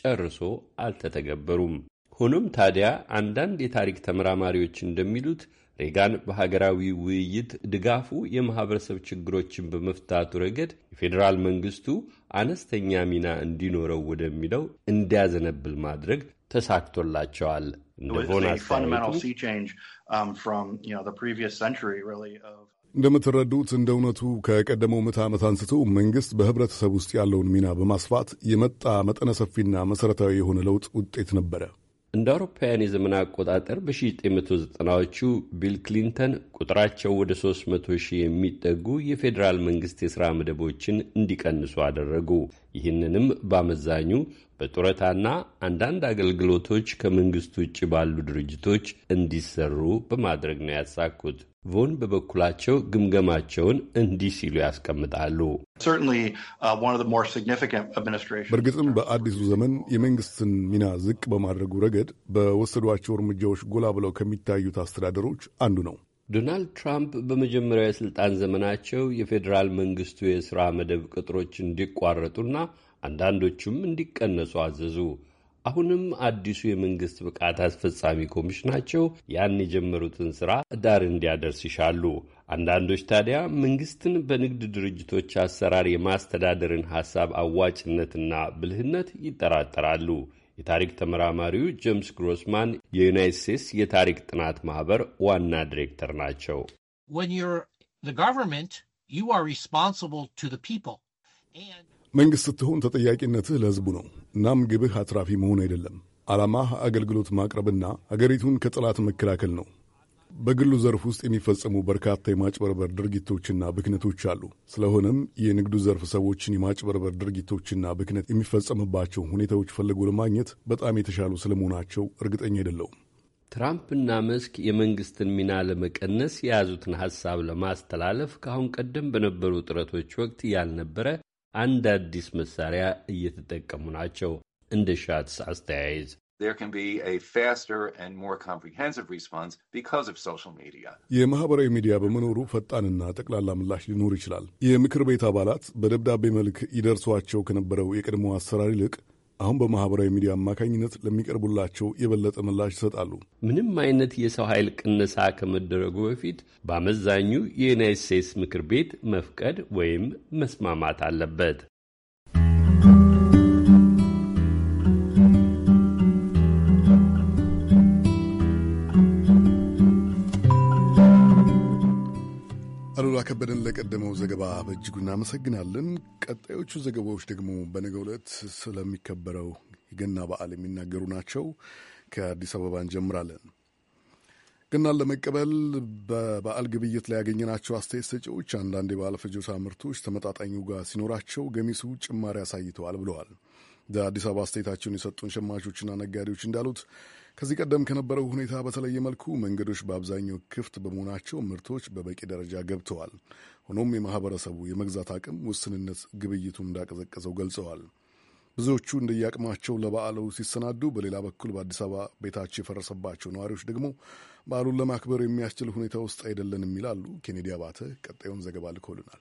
Speaker 7: ጨርሶ አልተተገበሩም። ሆኖም ታዲያ አንዳንድ የታሪክ ተመራማሪዎች እንደሚሉት ሬጋን በሀገራዊ ውይይት ድጋፉ የማህበረሰብ ችግሮችን በመፍታቱ ረገድ የፌዴራል መንግስቱ አነስተኛ ሚና እንዲኖረው ወደሚለው እንዲያዘነብል ማድረግ ተሳክቶላቸዋል።
Speaker 1: እንደምትረዱት እንደ እውነቱ ከቀደመው ምዕተ ዓመት አንስቶ መንግሥት በህብረተሰብ ውስጥ ያለውን ሚና በማስፋት የመጣ መጠነ ሰፊና መሠረታዊ የሆነ ለውጥ ውጤት ነበረ።
Speaker 7: እንደ አውሮፓውያን የዘመን አቆጣጠር በ1990ዎቹ ቢል ክሊንተን ቁጥራቸው ወደ 300 ሺህ የሚጠጉ የፌዴራል መንግሥት የሥራ መደቦችን እንዲቀንሱ አደረጉ። ይህንንም በአመዛኙ በጡረታና አንዳንድ አገልግሎቶች ከመንግሥት ውጭ ባሉ ድርጅቶች እንዲሰሩ በማድረግ ነው ያሳኩት። ቮን በበኩላቸው ግምገማቸውን እንዲህ ሲሉ ያስቀምጣሉ። uh,
Speaker 1: በእርግጥም በአዲሱ ዘመን የመንግስትን ሚና ዝቅ በማድረጉ ረገድ በወሰዷቸው እርምጃዎች ጎላ ብለው ከሚታዩት አስተዳደሮች አንዱ ነው።
Speaker 7: ዶናልድ ትራምፕ በመጀመሪያው የሥልጣን ዘመናቸው የፌዴራል መንግስቱ የሥራ መደብ ቅጥሮች እንዲቋረጡና አንዳንዶቹም እንዲቀነሱ አዘዙ። አሁንም አዲሱ የመንግስት ብቃት አስፈጻሚ ኮሚሽናቸው ያን የጀመሩትን ስራ ዳር እንዲያደርስ ይሻሉ። አንዳንዶች ታዲያ መንግስትን በንግድ ድርጅቶች አሰራር የማስተዳደርን ሐሳብ አዋጭነትና ብልህነት ይጠራጠራሉ። የታሪክ ተመራማሪው ጄምስ ግሮስማን የዩናይት ስቴትስ የታሪክ ጥናት ማህበር ዋና ዲሬክተር
Speaker 1: ናቸው። መንግሥት ስትሆን ተጠያቂነትህ ለሕዝቡ ነው። እናም ግብህ አትራፊ መሆን አይደለም። ዓላማህ አገልግሎት ማቅረብና አገሪቱን ከጠላት መከላከል ነው። በግሉ ዘርፍ ውስጥ የሚፈጸሙ በርካታ የማጭበርበር ድርጊቶችና ብክነቶች አሉ። ስለሆነም የንግዱ ዘርፍ ሰዎችን የማጭበርበር ድርጊቶችና ብክነት የሚፈጸምባቸው ሁኔታዎች ፈልጎ ለማግኘት በጣም የተሻሉ ስለመሆናቸው እርግጠኛ አይደለውም።
Speaker 7: ትራምፕና መስክ የመንግስትን ሚና ለመቀነስ የያዙትን ሐሳብ ለማስተላለፍ ከአሁን ቀደም በነበሩ ጥረቶች ወቅት ያልነበረ አንድ አዲስ መሳሪያ እየተጠቀሙ ናቸው። እንደ ሻትስ አስተያየት
Speaker 1: የማህበራዊ ሚዲያ በመኖሩ ፈጣንና ጠቅላላ ምላሽ ሊኖር ይችላል። የምክር ቤት አባላት በደብዳቤ መልክ ይደርሷቸው ከነበረው የቀድሞ አሰራር ይልቅ አሁን በማህበራዊ ሚዲያ አማካኝነት ለሚቀርቡላቸው የበለጠ ምላሽ ይሰጣሉ።
Speaker 7: ምንም አይነት የሰው ኃይል ቅነሳ ከመደረጉ በፊት በአመዛኙ የዩናይት ስቴትስ ምክር ቤት መፍቀድ ወይም መስማማት አለበት።
Speaker 1: አሉላ ከበደን ለቀደመው ዘገባ በእጅጉ እናመሰግናለን። ቀጣዮቹ ዘገባዎች ደግሞ በነገ ዕለት ስለሚከበረው የገና በዓል የሚናገሩ ናቸው። ከአዲስ አበባ እንጀምራለን። ገናን ለመቀበል በበዓል ግብይት ላይ ያገኘናቸው አስተያየት ሰጪዎች አንዳንድ የበዓል ፍጆታ ምርቶች ተመጣጣኝ ጋር ሲኖራቸው ገሚሱ ጭማሪ አሳይተዋል ብለዋል። በአዲስ አበባ አስተያየታቸውን የሰጡን ሸማቾችና ነጋዴዎች እንዳሉት ከዚህ ቀደም ከነበረው ሁኔታ በተለየ መልኩ መንገዶች በአብዛኛው ክፍት በመሆናቸው ምርቶች በበቂ ደረጃ ገብተዋል። ሆኖም የማህበረሰቡ የመግዛት አቅም ውስንነት ግብይቱን እንዳቀዘቀዘው ገልጸዋል። ብዙዎቹ እንደየአቅማቸው ለበዓሉ ሲሰናዱ፣ በሌላ በኩል በአዲስ አበባ ቤታቸው የፈረሰባቸው ነዋሪዎች ደግሞ በዓሉን ለማክበር የሚያስችል ሁኔታ ውስጥ አይደለንም ይላሉ። ኬኔዲ አባተ ቀጣዩን ዘገባ ልኮልናል።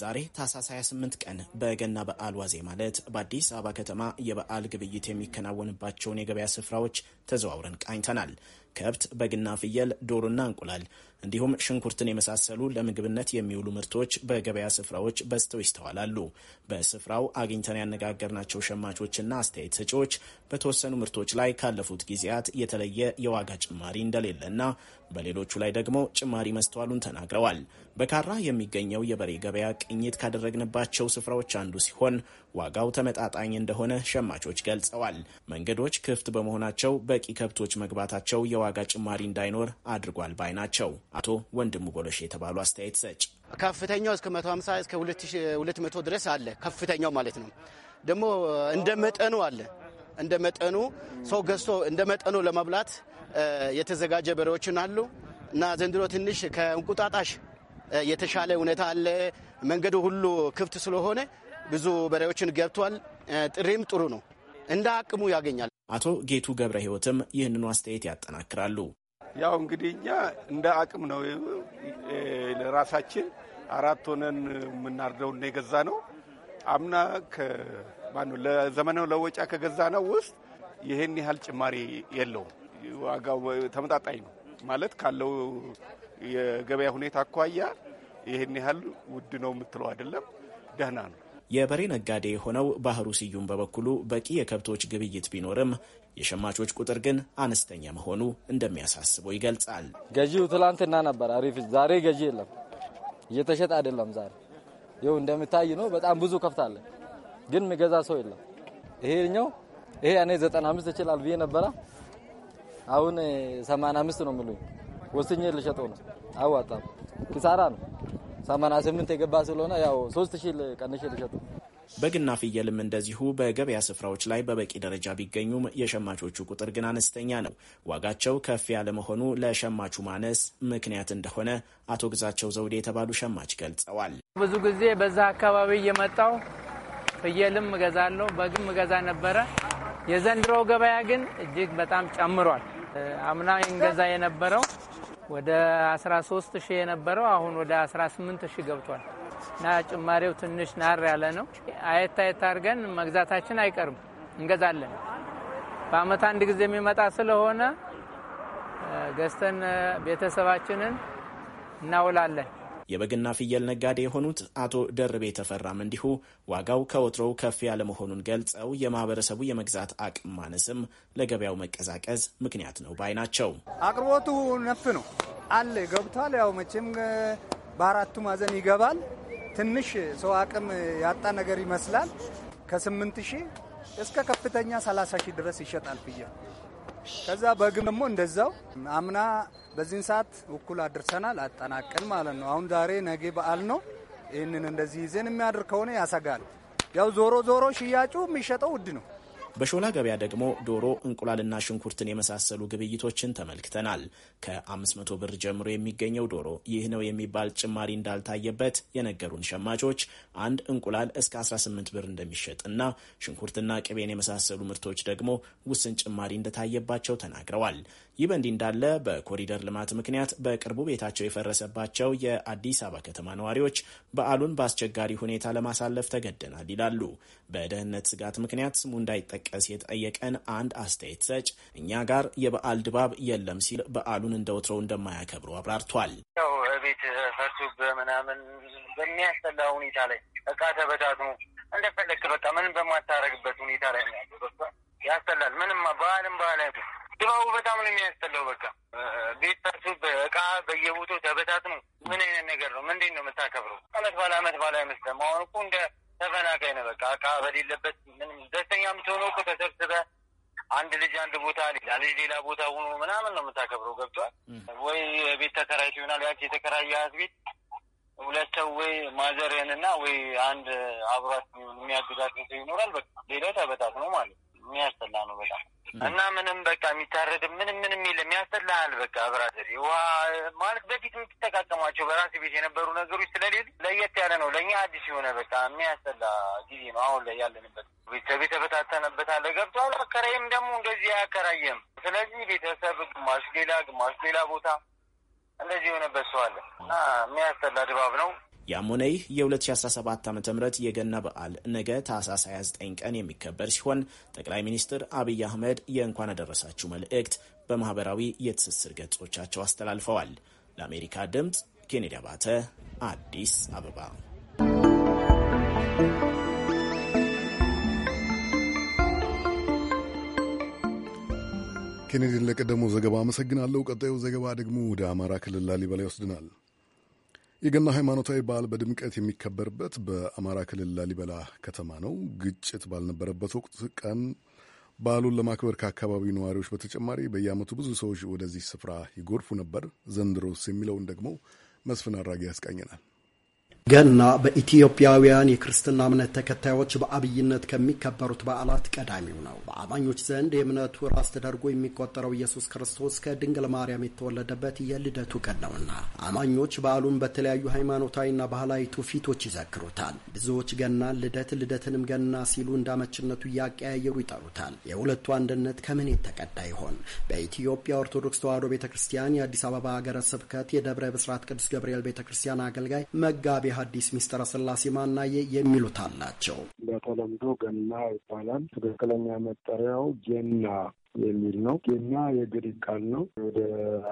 Speaker 8: ዛሬ ታህሳስ 28 ቀን በገና በዓል ዋዜ ማለት በአዲስ አበባ ከተማ የበዓል ግብይት የሚከናወንባቸውን የገበያ ስፍራዎች ተዘዋውረን ቃኝተናል። ከብት በግና ፍየል፣ ዶሮና እንቁላል እንዲሁም ሽንኩርትን የመሳሰሉ ለምግብነት የሚውሉ ምርቶች በገበያ ስፍራዎች በዝተው ይስተዋላሉ። በስፍራው አግኝተን ያነጋገርናቸው ሸማቾችና አስተያየት ሰጪዎች በተወሰኑ ምርቶች ላይ ካለፉት ጊዜያት የተለየ የዋጋ ጭማሪ እንደሌለና በሌሎቹ ላይ ደግሞ ጭማሪ መስተዋሉን ተናግረዋል። በካራ የሚገኘው የበሬ ገበያ ቅኝት ካደረግንባቸው ስፍራዎች አንዱ ሲሆን ዋጋው ተመጣጣኝ እንደሆነ ሸማቾች ገልጸዋል። መንገዶች ክፍት በመሆናቸው በቂ ከብቶች መግባታቸው የዋጋ ጭማሪ እንዳይኖር አድርጓል ባይ ናቸው። አቶ ወንድሙ ቦሎሽ የተባሉ አስተያየት ሰጭ
Speaker 9: ከፍተኛው እስከ 150 እስከ 200 ድረስ አለ። ከፍተኛው ማለት ነው። ደግሞ እንደ መጠኑ አለ። እንደ መጠኑ ሰው ገዝቶ እንደ መጠኑ ለመብላት የተዘጋጀ በሬዎችን አሉ እና ዘንድሮ ትንሽ ከእንቁጣጣሽ የተሻለ ሁኔታ አለ። መንገዱ ሁሉ ክፍት ስለሆነ ብዙ በሬዎችን ገብቷል። ጥሪም ጥሩ ነው። እንደ አቅሙ ያገኛል።
Speaker 8: አቶ ጌቱ ገብረ ህይወትም ይህንኑ አስተያየት ያጠናክራሉ።
Speaker 9: ያው እንግዲህ እኛ እንደ አቅም ነው ለራሳችን አራት ሆነን የምናርደው እና የገዛ ነው። አምና ማነው ለዘመነ ለወጫ ከገዛ ነው ውስጥ ይህን ያህል ጭማሪ የለውም። ዋጋው ተመጣጣኝ ነው ማለት ካለው የገበያ ሁኔታ አኳያ ይህን ያህል ውድ ነው የምትለው አይደለም፣ ደህና ነው።
Speaker 8: የበሬ ነጋዴ የሆነው ባህሩ ስዩም በበኩሉ በቂ የከብቶች ግብይት ቢኖርም የሸማቾች ቁጥር ግን አነስተኛ መሆኑ እንደሚያሳስበው ይገልጻል።
Speaker 9: ገዢው ትላንትና ነበር አሪፍ፣ ዛሬ ገዢ የለም፣ እየተሸጠ አይደለም። ዛሬ ይው እንደሚታይ ነው። በጣም ብዙ ከብት አለ፣ ግን የሚገዛ ሰው የለም። ይሄኛው ይሄ እኔ 95 ይችላል ብዬ ነበረ። አሁን 85 ነው የሚሉኝ። ወስኜ ልሸጠው ነው። አዋጣም፣ ኪሳራ ነው። ሰማንያ ስምንት የገባ ስለሆነ ያው ሶስት ሺ ቀንሽ ልሸጡ
Speaker 8: በግና ፍየልም እንደዚሁ በገበያ ስፍራዎች ላይ በበቂ ደረጃ ቢገኙም የሸማቾቹ ቁጥር ግን አነስተኛ ነው። ዋጋቸው ከፍ ያለ መሆኑ ለሸማቹ ማነስ ምክንያት እንደሆነ አቶ ግዛቸው ዘውዴ የተባሉ ሸማች ገልጸዋል።
Speaker 2: ብዙ ጊዜ በዛ አካባቢ እየመጣው ፍየልም እገዛለሁ፣ በግም እገዛ ነበረ። የዘንድሮው ገበያ ግን እጅግ በጣም ጨምሯል። አምና እንገዛ የነበረው ወደ 13 ሺህ የነበረው አሁን ወደ 18 ሺህ ገብቷል እና ጭማሪው ትንሽ ናር ያለ ነው። አየት አየት አድርገን መግዛታችን አይቀርም፣ እንገዛለን። በአመት አንድ ጊዜ የሚመጣ ስለሆነ ገዝተን ቤተሰባችንን እናውላለን።
Speaker 8: የበግና ፍየል ነጋዴ የሆኑት አቶ ደርቤ ተፈራም እንዲሁ ዋጋው ከወትሮው ከፍ ያለ መሆኑን ገልጸው የማህበረሰቡ የመግዛት አቅም ማነስም ለገበያው መቀዛቀዝ ምክንያት ነው ባይ ናቸው።
Speaker 10: አቅርቦቱ ነፍ ነው አለ ገብቷል። ያው መቼም በአራቱ ማዘን ይገባል። ትንሽ ሰው አቅም ያጣ ነገር ይመስላል። ሺህ እስከ ከፍተኛ 30 ሺህ ድረስ ይሸጣል ፍየል ከዛ በግም ደግሞ እንደዛው አምና በዚህን ሰዓት እኩል አድርሰናል አጠናቀን ማለት ነው። አሁን ዛሬ ነገ በዓል ነው። ይህንን እንደዚህ ይዘን የሚያድር ከሆነ ያሰጋል። ያው ዞሮ ዞሮ ሽያጩ የሚሸጠው ውድ ነው።
Speaker 8: በሾላ ገበያ ደግሞ ዶሮ፣ እንቁላልና ሽንኩርትን የመሳሰሉ ግብይቶችን ተመልክተናል። ከ500 ብር ጀምሮ የሚገኘው ዶሮ ይህ ነው የሚባል ጭማሪ እንዳልታየበት የነገሩን ሸማቾች አንድ እንቁላል እስከ 18 ብር እንደሚሸጥና ሽንኩርትና ቅቤን የመሳሰሉ ምርቶች ደግሞ ውስን ጭማሪ እንደታየባቸው ተናግረዋል። ይህ በእንዲህ እንዳለ በኮሪደር ልማት ምክንያት በቅርቡ ቤታቸው የፈረሰባቸው የአዲስ አበባ ከተማ ነዋሪዎች በዓሉን በአስቸጋሪ ሁኔታ ለማሳለፍ ተገደናል ይላሉ። በደህንነት ስጋት ምክንያት ስሙ እንዳይጠቀ እንዲጠቀስ የጠየቀን አንድ አስተያየት ሰጭ እኛ ጋር የበዓል ድባብ የለም ሲል በዓሉን እንደ ወትሮው እንደማያከብሩ አብራርቷል።
Speaker 6: ያው ቤት ፈርሱ በምናምን በሚያስጠላ ሁኔታ ላይ እቃ ተበታትኖ እንደፈለክ በቃ ምንም በማታረግበት ሁኔታ ላይ ያስጠላል። ምንም በዓልም በዓል አይ ድባቡ በጣም ነው የሚያስጠላው። በቃ ቤት ፈርሱ እቃ በየቦታው ተበታትኖ ምን አይነት ነገር ነው? ምንድን ነው የምታከብረው? አመት በዓል አመት በዓል አይመስለም። አሁን እኮ እንደ ተፈናቃይ ነው። በቃ እቃ በሌለበት ምንም ደስተኛ የምትሆነው እኮ ተሰብስበ አንድ ልጅ አንድ ቦታ ሌላ ልጅ ሌላ ቦታ ሆኖ ምናምን ነው የምታከብረው። ገብቷል ወይ? ቤት ተከራይቶ ይሆናል። ያቺ የተከራየሃት ቤት ሁለት ሰው ወይ እና ወይ አንድ አብሯት የሚያግዛት ሰው ይኖራል። በቃ ሌላው ነው ማለት ነው። የሚያስጠላ ነው በጣም እና ምንም በቃ የሚታረድ ምንም ምንም የለም። ያስጠላል። በቃ ብራዘር ማለት በፊት የምትጠቃቀሟቸው በራሴ ቤት የነበሩ ነገሮች ስለሌሉ ለየት ያለ ነው ለእኛ አዲስ የሆነ በቃ የሚያስጠላ ጊዜ ነው አሁን ላይ ያለንበት። ቤተሰብ የተበታተነበት አለ ገብቷል። አከራይም ደግሞ እንደዚህ አያከራየም። ስለዚህ ቤተሰብ ግማሽ ሌላ ግማሽ ሌላ ቦታ እንደዚህ የሆነበት ሰው አለ እና የሚያስጠላ ድባብ ነው።
Speaker 8: ያም ሆነ ይህ የ2017 ዓ ም የገና በዓል ነገ ታህሳስ 29 ቀን የሚከበር ሲሆን ጠቅላይ ሚኒስትር አብይ አህመድ የእንኳን አደረሳችሁ መልእክት በማህበራዊ የትስስር ገጾቻቸው አስተላልፈዋል። ለአሜሪካ ድምፅ ኬኔዲ አባተ አዲስ አበባ።
Speaker 1: ኬኔዲን ለቀደመው ዘገባ አመሰግናለሁ። ቀጣዩ ዘገባ ደግሞ ወደ አማራ ክልል ላሊበላ ይወስድናል። የገና ሃይማኖታዊ በዓል በድምቀት የሚከበርበት በአማራ ክልል ላሊበላ ከተማ ነው። ግጭት ባልነበረበት ወቅት ቀን በዓሉን ለማክበር ከአካባቢው ነዋሪዎች በተጨማሪ በየዓመቱ ብዙ ሰዎች ወደዚህ ስፍራ ይጎርፉ ነበር። ዘንድሮስ የሚለውን ደግሞ መስፍን አድራጊ ያስቃኘናል።
Speaker 11: ገና በኢትዮጵያውያን የክርስትና እምነት ተከታዮች በአብይነት ከሚከበሩት በዓላት ቀዳሚው ነው። በአማኞች ዘንድ የእምነቱ ራስ ተደርጎ የሚቆጠረው ኢየሱስ ክርስቶስ ከድንግል ማርያም የተወለደበት የልደቱ ቀን ነውና አማኞች በዓሉን በተለያዩ ሃይማኖታዊና ባህላዊ ትውፊቶች ይዘክሩታል። ብዙዎች ገና ልደት፣ ልደትንም ገና ሲሉ እንዳመችነቱ እያቀያየሩ ይጠሩታል። የሁለቱ አንድነት ከምን የተቀዳ ይሆን? በኢትዮጵያ ኦርቶዶክስ ተዋሕዶ ቤተ ክርስቲያን የአዲስ አበባ ሀገረ ስብከት የደብረ ብስራት ቅዱስ ገብርኤል ቤተ ክርስቲያን አገልጋይ መጋቢ ሐዲስ ሚስጥረ ስላሴ ማናዬ የሚሉት አላቸው።
Speaker 12: በተለምዶ ገና ይባላል። ትክክለኛ መጠሪያው ጀና የሚል ነው እና የግሪክ ቃል ነው። ወደ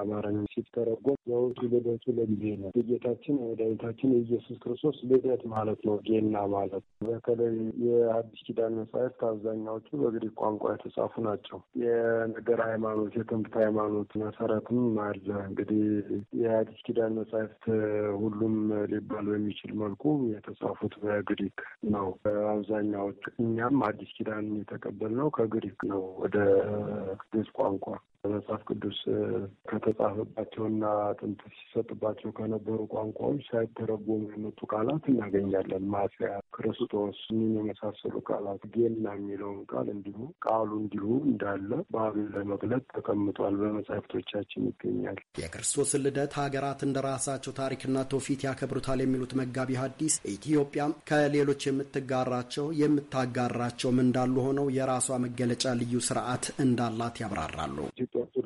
Speaker 12: አማርኛ ሲተረጎም ዘወቱ ልደቱ ለጊዜ ነው። የጌታችን የመድኃኒታችን የኢየሱስ ክርስቶስ ልደት ማለት ነው። ጌና ማለት በተለይ የአዲስ ኪዳን መጽሐፍት አብዛኛዎቹ በግሪክ ቋንቋ የተጻፉ ናቸው። የነገር ሃይማኖት፣ የትምህርት ሃይማኖት መሰረትም አለ። እንግዲህ የአዲስ ኪዳን መጽሐፍት ሁሉም ሊባል በሚችል መልኩ የተጻፉት በግሪክ ነው አብዛኛዎቹ። እኛም አዲስ ኪዳን የተቀበልነው ከግሪክ ነው ወደ euh, de ce በመጽሐፍ ቅዱስ ከተጻፈባቸውና ጥንት ሲሰጥባቸው ከነበሩ ቋንቋዎች ሳይተረጎሙ የመጡ ቃላት እናገኛለን። ማስያ፣ ክርስቶስ ምን የመሳሰሉ ቃላት፣ ጌና የሚለውን ቃል እንዲሁ ቃሉ እንዲሁ እንዳለ በአብን ለመግለጥ ተቀምጧል። በመጽሐፍቶቻችን ይገኛል።
Speaker 11: የክርስቶስን ልደት ሀገራት እንደ ራሳቸው ታሪክና ትውፊት ያከብሩታል የሚሉት መጋቢ ሐዲስ ኢትዮጵያ ከሌሎች የምትጋራቸው የምታጋራቸውም እንዳሉ ሆነው የራሷ መገለጫ ልዩ ስርዓት እንዳላት ያብራራሉ።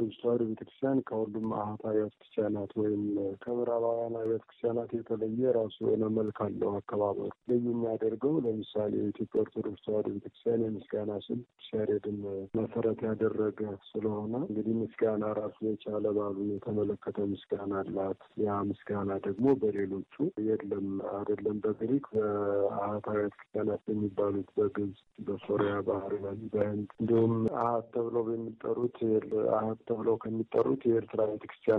Speaker 12: ኦርቶዶክስ ቤተክርስቲያን ከሁሉም አህታዊ አብያተ ክርስቲያናት ወይም ከምዕራባውያን አብያተ ክርስቲያናት የተለየ ራሱ የሆነ መልክ አለው። አከባበሩ ልዩ የሚያደርገው ለምሳሌ የኢትዮጵያ ኦርቶዶክስ ተዋህዶ ቤተክርስቲያን የምስጋና ስል ሲያሬድን መሰረት ያደረገ ስለሆነ እንግዲህ ምስጋና ራሱ የቻለ ባሉ የተመለከተ ምስጋና አላት። ያ ምስጋና ደግሞ በሌሎቹ የለም። አይደለም በግሪክ በአህታዊ አብያተ ክርስቲያናት የሚባሉት በግብጽ፣ በሶሪያ ባህር፣ በህንድ እንዲሁም አህት ተብለው የሚጠሩት አህት ተብለው ከሚጠሩት የኤርትራ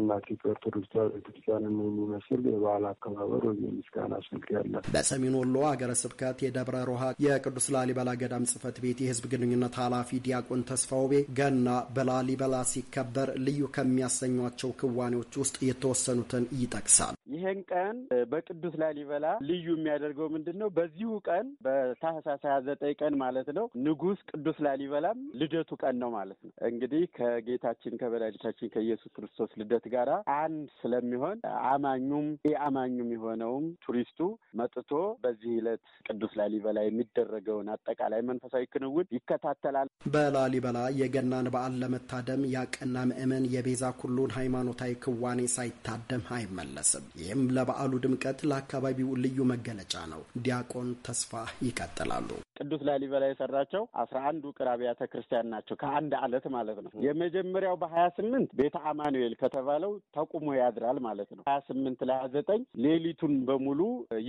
Speaker 12: ና ኢትዮጵያ ኦርቶዶክስ ተዋሕዶ ቤተክርስቲያንን የሚመስል የበዓል አከባበር ወይም የምስጋና ስልት ያለ በሰሜን
Speaker 11: ወሎ ሀገረ ስብከት የደብረ ሮሃ የቅዱስ ላሊበላ ገዳም ጽህፈት ቤት የህዝብ ግንኙነት ኃላፊ ዲያቆን ተስፋውቤ ገና በላሊበላ ሲከበር ልዩ ከሚያሰኟቸው ክዋኔዎች ውስጥ የተወሰኑትን ይጠቅሳል።
Speaker 9: ይህን ቀን በቅዱስ ላሊበላ ልዩ የሚያደርገው ምንድን ነው? በዚሁ ቀን በታህሳስ ሀያ ዘጠኝ ቀን ማለት ነው ንጉስ ቅዱስ ላሊበላም ልደቱ ቀን ነው ማለት ነው። እንግዲህ ከጌታችን ከ ከመድኃኒታችን ከኢየሱስ ክርስቶስ ልደት ጋር አንድ ስለሚሆን አማኙም የአማኙም የሆነውም ቱሪስቱ መጥቶ በዚህ ዕለት ቅዱስ ላሊበላ የሚደረገውን አጠቃላይ መንፈሳዊ ክንውን ይከታተላል።
Speaker 11: በላሊበላ የገናን በዓል ለመታደም ያቀና ምእመን የቤዛ ኩሉን ሃይማኖታዊ ክዋኔ ሳይታደም አይመለስም። ይህም ለበዓሉ ድምቀት ለአካባቢው ልዩ መገለጫ ነው። ዲያቆን ተስፋ ይቀጥላሉ።
Speaker 9: ቅዱስ ላሊበላ የሰራቸው አስራ አንድ ውቅር አብያተ ክርስቲያን ናቸው። ከአንድ አለት ማለት ነው። የመጀመሪያው ሀያ ስምንት ቤተ አማኑኤል ከተባለው ተቁሞ ያድራል ማለት ነው። ሀያ ስምንት ለሀያ ዘጠኝ ሌሊቱን በሙሉ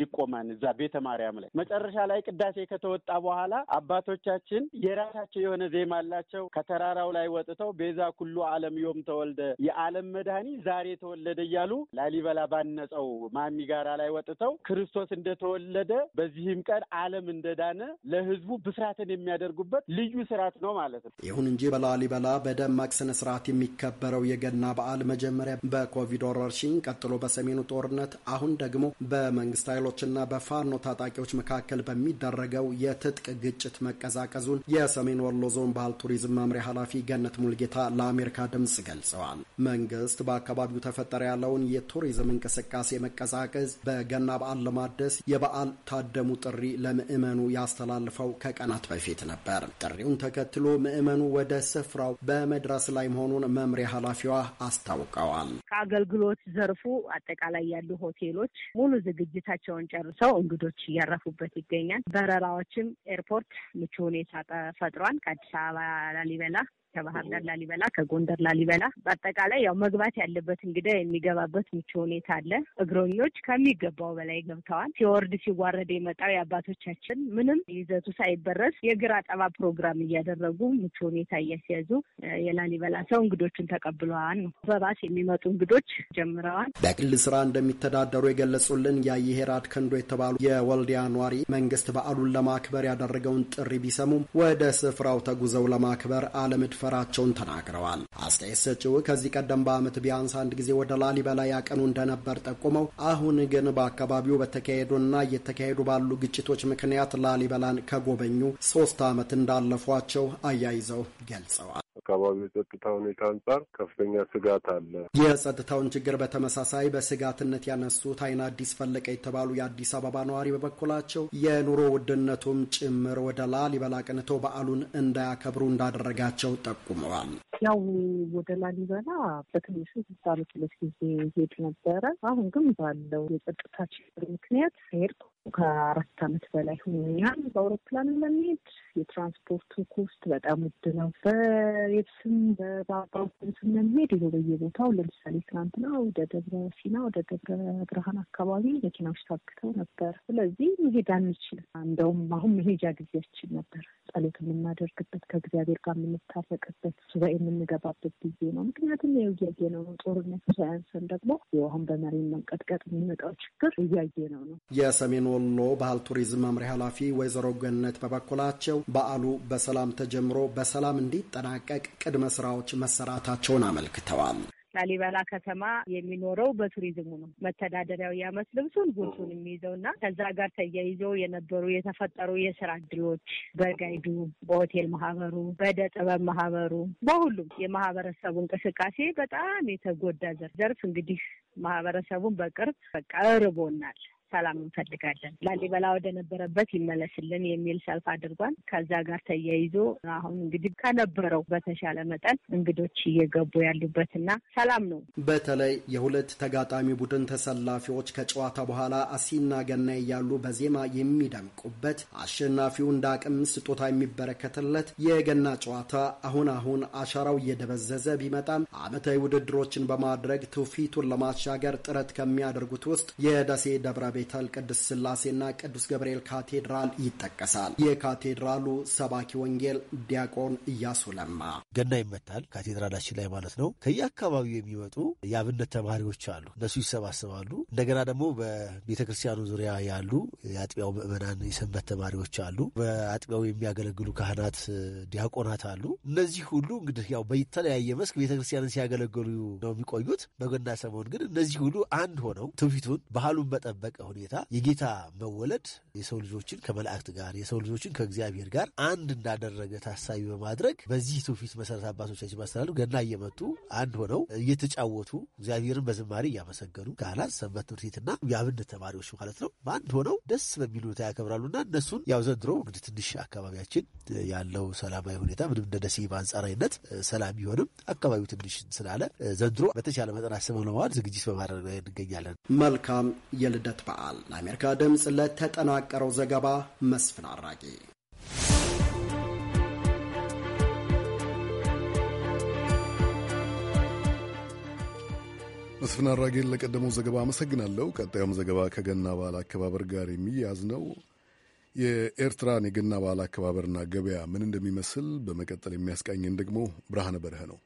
Speaker 9: ይቆማን እዛ ቤተ ማርያም ላይ። መጨረሻ ላይ ቅዳሴ ከተወጣ በኋላ አባቶቻችን የራሳቸው የሆነ ዜማ አላቸው። ከተራራው ላይ ወጥተው ቤዛ ኩሉ ዓለም ዮም ተወልደ የዓለም መድኃኒ ዛሬ ተወለደ እያሉ ላሊበላ ባነጸው ማሚ ጋራ ላይ ወጥተው ክርስቶስ እንደተወለደ በዚህም ቀን ዓለም እንደዳነ ለሕዝቡ ብስራትን የሚያደርጉበት ልዩ ስርዓት ነው ማለት ነው።
Speaker 11: ይሁን እንጂ በላሊበላ በደማቅ ስነ ስርዓት የሚከበረው የገና በዓል መጀመሪያ በኮቪድ ወረርሽኝ፣ ቀጥሎ በሰሜኑ ጦርነት፣ አሁን ደግሞ በመንግስት ኃይሎችና በፋኖ ታጣቂዎች መካከል በሚደረገው የትጥቅ ግጭት መቀዛቀዙን የሰሜን ወሎ ዞን ባህል ቱሪዝም መምሪያ ኃላፊ ገነት ሙልጌታ ለአሜሪካ ድምጽ ገልጸዋል። መንግስት በአካባቢው ተፈጠረ ያለውን የቱሪዝም እንቅስቃሴ መቀዛቀዝ በገና በዓል ለማደስ የበዓል ታደሙ ጥሪ ለምዕመኑ ያስተላልፈው ከቀናት በፊት ነበር። ጥሪውን ተከትሎ ምዕመኑ ወደ ስፍራው በመድረስ ላይ መሆኑን መምሪያ ኃላፊዋ አስታውቀዋል።
Speaker 13: ከአገልግሎት ዘርፉ አጠቃላይ ያሉ ሆቴሎች ሙሉ ዝግጅታቸውን ጨርሰው እንግዶች እያረፉበት ይገኛል። በረራዎችም ኤርፖርት ምቹ ሁኔታ ፈጥሯል። ከአዲስ አበባ ላሊበላ ከባህር ዳር ላሊበላ፣ ከጎንደር ላሊበላ በአጠቃላይ ያው መግባት ያለበት እንግዳ የሚገባበት ምቹ ሁኔታ አለ። እግረኞች ከሚገባው በላይ ገብተዋል። ሲወርድ ሲዋረድ የመጣው የአባቶቻችን ምንም ይዘቱ ሳይበረስ የእግር አጠባ ፕሮግራም እያደረጉ ምቹ ሁኔታ እያስያዙ የላሊበላ ሰው እንግዶቹን ተቀብለዋል ነው። በባስ የሚመጡ እንግዶች ጀምረዋል።
Speaker 11: በግል ስራ እንደሚተዳደሩ የገለጹልን የየሄራድ ከንዶ የተባሉ የወልዲያ ኗሪ መንግስት በዓሉን ለማክበር ያደረገውን ጥሪ ቢሰሙም ወደ ስፍራው ተጉዘው ለማክበር አለምድ መድፈራቸውን ተናግረዋል። አስተያየት ሰጪው ከዚህ ቀደም በዓመት ቢያንስ አንድ ጊዜ ወደ ላሊበላ ያቀኑ እንደነበር ጠቁመው አሁን ግን በአካባቢው በተካሄዱና እየተካሄዱ ባሉ ግጭቶች ምክንያት ላሊበላን ከጎበኙ ሶስት ዓመት እንዳለፏቸው አያይዘው
Speaker 12: ገልጸዋል። አካባቢው የጸጥታ ሁኔታ አንጻር ከፍተኛ ስጋት አለ።
Speaker 11: የጸጥታውን ችግር በተመሳሳይ በስጋትነት ያነሱት አይን አዲስ ፈለቀ የተባሉ የአዲስ አበባ ነዋሪ በበኩላቸው የኑሮ ውድነቱም ጭምር ወደ ላሊበላ ቅንቶ በዓሉን እንዳያከብሩ እንዳደረጋቸው ጠቁመዋል።
Speaker 13: ያው ወደ ላሊበላ በትንሹ ስልሳ ሁለት ጊዜ ሄድ ነበረ። አሁን ግን ባለው የጸጥታ ችግር ምክንያት ሄድኩ ከአራት ዓመት በላይ ሆኛል። በአውሮፕላን ለሚሄድ የትራንስፖርቱ ኮስት በጣም ውድ ነው። በየብስም በባቡርም ስንሄድ ይኸው በየቦታው ለምሳሌ ትናንትና ወደ ደብረ ሲና ወደ ደብረ ብርሃን አካባቢ መኪናዎች ታግተው ነበር። ስለዚህ መሄድ አንችል። እንደውም አሁን መሄጃ ጊዜያችን ነበር። ጸሎት የምናደርግበት ከእግዚአብሔር ጋር የምንታረቅበት ሱባኤ የምንገባበት ጊዜ ነው። ምክንያቱም እያየ ነው ጦርነቱ ሳያንሰን ደግሞ አሁን በመሬት መንቀጥቀጥ የሚመጣው ችግር እያየ ነው ነው
Speaker 11: የሰሜን ወሎ ባህል ቱሪዝም መምሪያ ኃላፊ ወይዘሮ ገነት በበኩላቸው በዓሉ በሰላም ተጀምሮ በሰላም እንዲጠናቀቅ ቅድመ ስራዎች መሰራታቸውን አመልክተዋል።
Speaker 13: ላሊበላ ከተማ የሚኖረው በቱሪዝሙ ነው። መተዳደሪያው የዓመት ልብሱን ጉርሱን የሚይዘው እና ከዛ ጋር ተያይዞ የነበሩ የተፈጠሩ የስራ እድሎች በጋይዱ፣ በሆቴል ማህበሩ፣ በደ ጥበብ ማህበሩ፣ በሁሉም የማህበረሰቡ እንቅስቃሴ በጣም የተጎዳ ዘርፍ እንግዲህ ማህበረሰቡን በቅርብ በቃ እርቦናል ሰላም እንፈልጋለን፣ ላሊበላ ወደ ነበረበት ይመለስልን የሚል ሰልፍ አድርጓል። ከዛ ጋር ተያይዞ አሁን እንግዲህ ከነበረው በተሻለ መጠን እንግዶች እየገቡ ያሉበትና ሰላም ነው።
Speaker 6: በተለይ
Speaker 11: የሁለት ተጋጣሚ ቡድን ተሰላፊዎች ከጨዋታ በኋላ አሲና ገና እያሉ በዜማ የሚደምቁበት አሸናፊው እንደ አቅም ስጦታ የሚበረከትለት የገና ጨዋታ አሁን አሁን አሻራው እየደበዘዘ ቢመጣም አመታዊ ውድድሮችን በማድረግ ትውፊቱን ለማሻገር ጥረት ከሚያደርጉት ውስጥ የደሴ ደብረ ቤተል ቅዱስ ስላሴና ቅዱስ ገብርኤል ካቴድራል ይጠቀሳል። የካቴድራሉ ሰባኪ ወንጌል ዲያቆን እያሱ ለማ
Speaker 14: ገና ይመታል ካቴድራላችን ላይ ማለት ነው። ከየአካባቢው የሚመጡ የአብነት ተማሪዎች አሉ። እነሱ ይሰባሰባሉ። እንደገና ደግሞ በቤተ ክርስቲያኑ ዙሪያ ያሉ የአጥቢያው ምዕመናን የሰንበት ተማሪዎች አሉ። በአጥቢያው የሚያገለግሉ ካህናት፣ ዲያቆናት አሉ። እነዚህ ሁሉ እንግዲህ ያው በተለያየ መስክ ቤተ ክርስቲያንን ሲያገለግሉ ነው የሚቆዩት። በገና ሰሞን ግን እነዚህ ሁሉ አንድ ሆነው ትውፊቱን ባህሉን በጠበቀ ሁኔታ የጌታ መወለድ የሰው ልጆችን ከመላእክት ጋር የሰው ልጆችን ከእግዚአብሔር ጋር አንድ እንዳደረገ ታሳቢ በማድረግ በዚህ ትውፊት መሰረት አባቶቻችን ማስተላለፍ ገና እየመጡ አንድ ሆነው እየተጫወቱ እግዚአብሔርን በዝማሬ እያመሰገኑ ካህናት፣ ሰንበት ትምህርት ቤትና የአብነት ተማሪዎች ማለት ነው በአንድ ሆነው ደስ በሚል ሁኔታ ያከብራሉና እነሱን ያው ዘንድሮ እንግዲህ ትንሽ አካባቢያችን ያለው ሰላማዊ ሁኔታ ምንም እንደ ደሴ በአንጻራዊነት ሰላም ቢሆንም አካባቢው ትንሽ ስላለ ዘንድሮ በተቻለ መጠን ለመዋል ዝግጅት
Speaker 11: በማድረግ ላይ እንገኛለን። መልካም የልደት በዓል ይቀጥላል። ለአሜሪካ ድምፅ ለተጠናቀረው ዘገባ መስፍን አራጌ
Speaker 1: መስፍን አራጌን ለቀደመው ዘገባ አመሰግናለሁ። ቀጣዩም ዘገባ ከገና በዓል አከባበር ጋር የሚያያዝ ነው። የኤርትራን የገና በዓል አከባበርና ገበያ ምን እንደሚመስል በመቀጠል የሚያስቃኝን ደግሞ ብርሃነ በረህ ነው።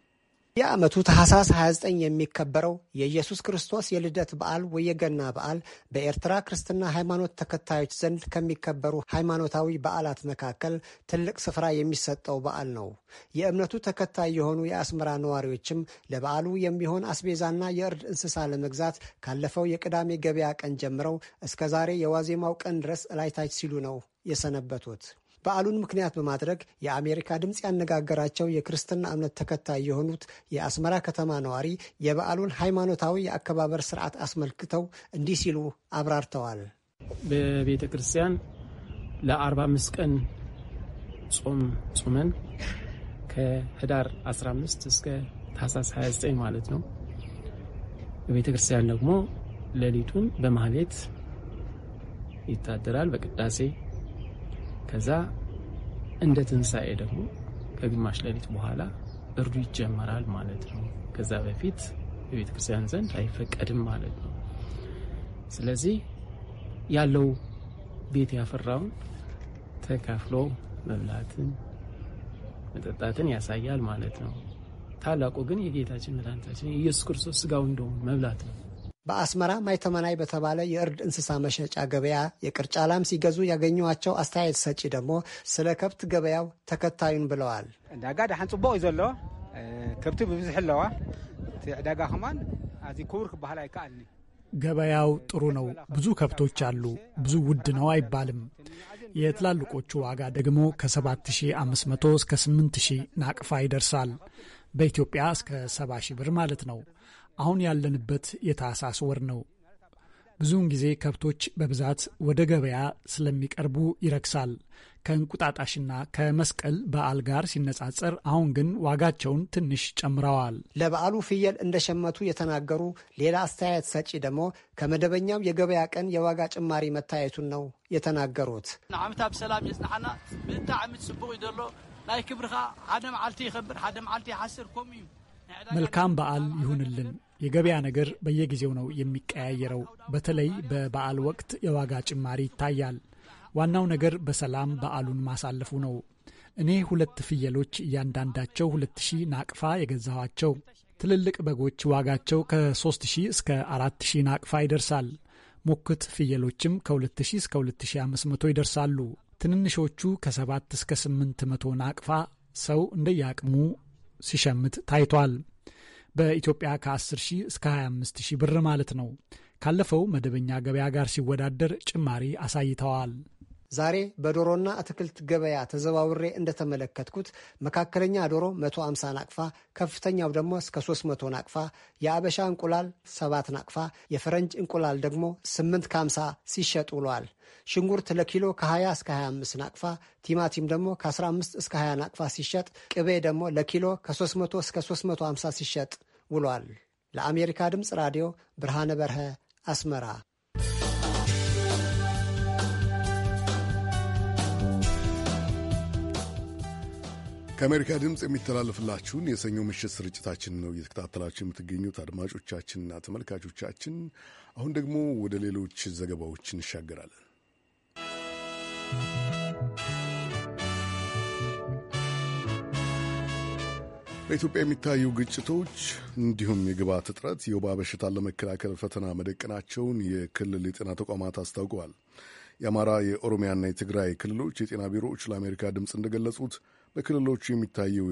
Speaker 15: የዓመቱ ታህሳስ 29 የሚከበረው የኢየሱስ ክርስቶስ የልደት በዓል ወየገና በዓል በኤርትራ ክርስትና ሃይማኖት ተከታዮች ዘንድ ከሚከበሩ ሃይማኖታዊ በዓላት መካከል ትልቅ ስፍራ የሚሰጠው በዓል ነው። የእምነቱ ተከታይ የሆኑ የአስመራ ነዋሪዎችም ለበዓሉ የሚሆን አስቤዛና የእርድ እንስሳ ለመግዛት ካለፈው የቅዳሜ ገበያ ቀን ጀምረው እስከ ዛሬ የዋዜማው ቀን ድረስ ላይታች ሲሉ ነው የሰነበቱት። በዓሉን ምክንያት በማድረግ የአሜሪካ ድምፅ ያነጋገራቸው የክርስትና እምነት ተከታይ የሆኑት የአስመራ ከተማ ነዋሪ የበዓሉን ሃይማኖታዊ የአከባበር ስርዓት አስመልክተው እንዲህ ሲሉ አብራርተዋል።
Speaker 10: በቤተ ክርስቲያን ለ45 ቀን ጾም ጾመን ከህዳር 15 እስከ ታህሳስ 29 ማለት ነው። በቤተ ክርስቲያን ደግሞ ሌሊቱን በማህሌት ይታደራል በቅዳሴ ከዛ እንደ ትንሣኤ ደግሞ ከግማሽ ሌሊት በኋላ እርዱ ይጀመራል ማለት ነው። ከዛ በፊት በቤተ ክርስቲያን ዘንድ አይፈቀድም ማለት ነው። ስለዚህ ያለው ቤት ያፈራውን ተካፍሎ መብላትን መጠጣትን ያሳያል ማለት ነው። ታላቁ ግን የጌታችን መድኃኒታችን የኢየሱስ ክርስቶስ ስጋው እንደሆነ መብላት ነው።
Speaker 15: በአስመራ ማይተመናይ በተባለ የእርድ እንስሳ መሸጫ ገበያ የቅርጫ ላም ሲገዙ ያገኟቸው አስተያየት ሰጪ ደግሞ ስለ ከብት ገበያው ተከታዩን ብለዋል።
Speaker 4: ዕዳጋ ዳሓን ፅቡቅ እዩ ዘሎ ከብቲ ብብዝሕ ኣለዋ እቲ ዕዳጋ ኣዚ ክቡር ክበሃል ኣይከኣልኒ።
Speaker 10: ገበያው ጥሩ ነው። ብዙ ከብቶች አሉ። ብዙ ውድ ነው አይባልም። የትላልቆቹ ዋጋ ደግሞ ከ7500 እስከ 8000 ናቅፋ ይደርሳል። በኢትዮጵያ እስከ 70 ሺህ ብር ማለት ነው። አሁን ያለንበት የታህሳስ ወር ነው። ብዙውን ጊዜ ከብቶች በብዛት ወደ ገበያ ስለሚቀርቡ ይረክሳል። ከእንቁጣጣሽና ከመስቀል በዓል ጋር ሲነጻጸር አሁን ግን ዋጋቸውን ትንሽ ጨምረዋል።
Speaker 15: ለበዓሉ ፍየል እንደሸመቱ የተናገሩ ሌላ አስተያየት ሰጪ ደግሞ ከመደበኛው የገበያ ቀን የዋጋ ጭማሪ መታየቱን ነው የተናገሩት።
Speaker 16: ንዓመታ ብሰላም የፅናሓና ብጣዕሚ ፅቡቅ እዩ ዘሎ ናይ ክብርካ ሓደ መዓልቲ ይኸብር ሓደ መዓልቲ ይሓስር ከምኡ እዩ
Speaker 10: መልካም በዓል ይሁንልን። የገበያ ነገር በየጊዜው ነው የሚቀያየረው። በተለይ በበዓል ወቅት የዋጋ ጭማሪ ይታያል። ዋናው ነገር በሰላም በዓሉን ማሳለፉ ነው። እኔ ሁለት ፍየሎች እያንዳንዳቸው ሁለት ሺህ ናቅፋ የገዛኋቸው። ትልልቅ በጎች ዋጋቸው ከሶስት ሺህ እስከ አራት ሺህ ናቅፋ ይደርሳል። ሞክት ፍየሎችም ከ ሺህ እስከ ሁለት ሺህ አምስት መቶ ይደርሳሉ። ትንንሾቹ ከሰ7 እስከ ስምንት መቶ ናቅፋ ሰው እንደየአቅሙ ሲሸምት ታይቷል። በኢትዮጵያ ከ10 ሺህ እስከ 25 ሺህ ብር ማለት ነው። ካለፈው መደበኛ ገበያ ጋር ሲወዳደር ጭማሪ አሳይተዋል።
Speaker 15: ዛሬ በዶሮና አትክልት ገበያ ተዘዋውሬ እንደተመለከትኩት መካከለኛ ዶሮ 150 ናቅፋ፣ ከፍተኛው ደግሞ እስከ 300 ናቅፋ፣ የአበሻ እንቁላል 7 ናቅፋ፣ የፈረንጅ እንቁላል ደግሞ 8 ከ50 ሲሸጥ ውሏል። ሽንኩርት ለኪሎ ከ20 እስከ 25 ናቅፋ፣ ቲማቲም ደግሞ ከ15 እስከ 20 ናቅፋ ሲሸጥ፣ ቅቤ ደግሞ ለኪሎ ከ300 እስከ 350 ሲሸጥ ውሏል። ለአሜሪካ ድምፅ ራዲዮ ብርሃነ በርሀ አስመራ
Speaker 1: ከአሜሪካ ድምፅ የሚተላለፍላችሁን የሰኞ ምሽት ስርጭታችን ነው እየተከታተላችሁ የምትገኙት አድማጮቻችንና ተመልካቾቻችን። አሁን ደግሞ ወደ ሌሎች ዘገባዎች እንሻገራለን። በኢትዮጵያ የሚታዩ ግጭቶች እንዲሁም የግብዓት እጥረት የወባ በሽታን ለመከላከል ፈተና መደቀናቸውን የክልል የጤና ተቋማት አስታውቀዋል። የአማራ የኦሮሚያና የትግራይ ክልሎች የጤና ቢሮዎች ለአሜሪካ ድምፅ እንደገለጹት በክልሎቹ የሚታየው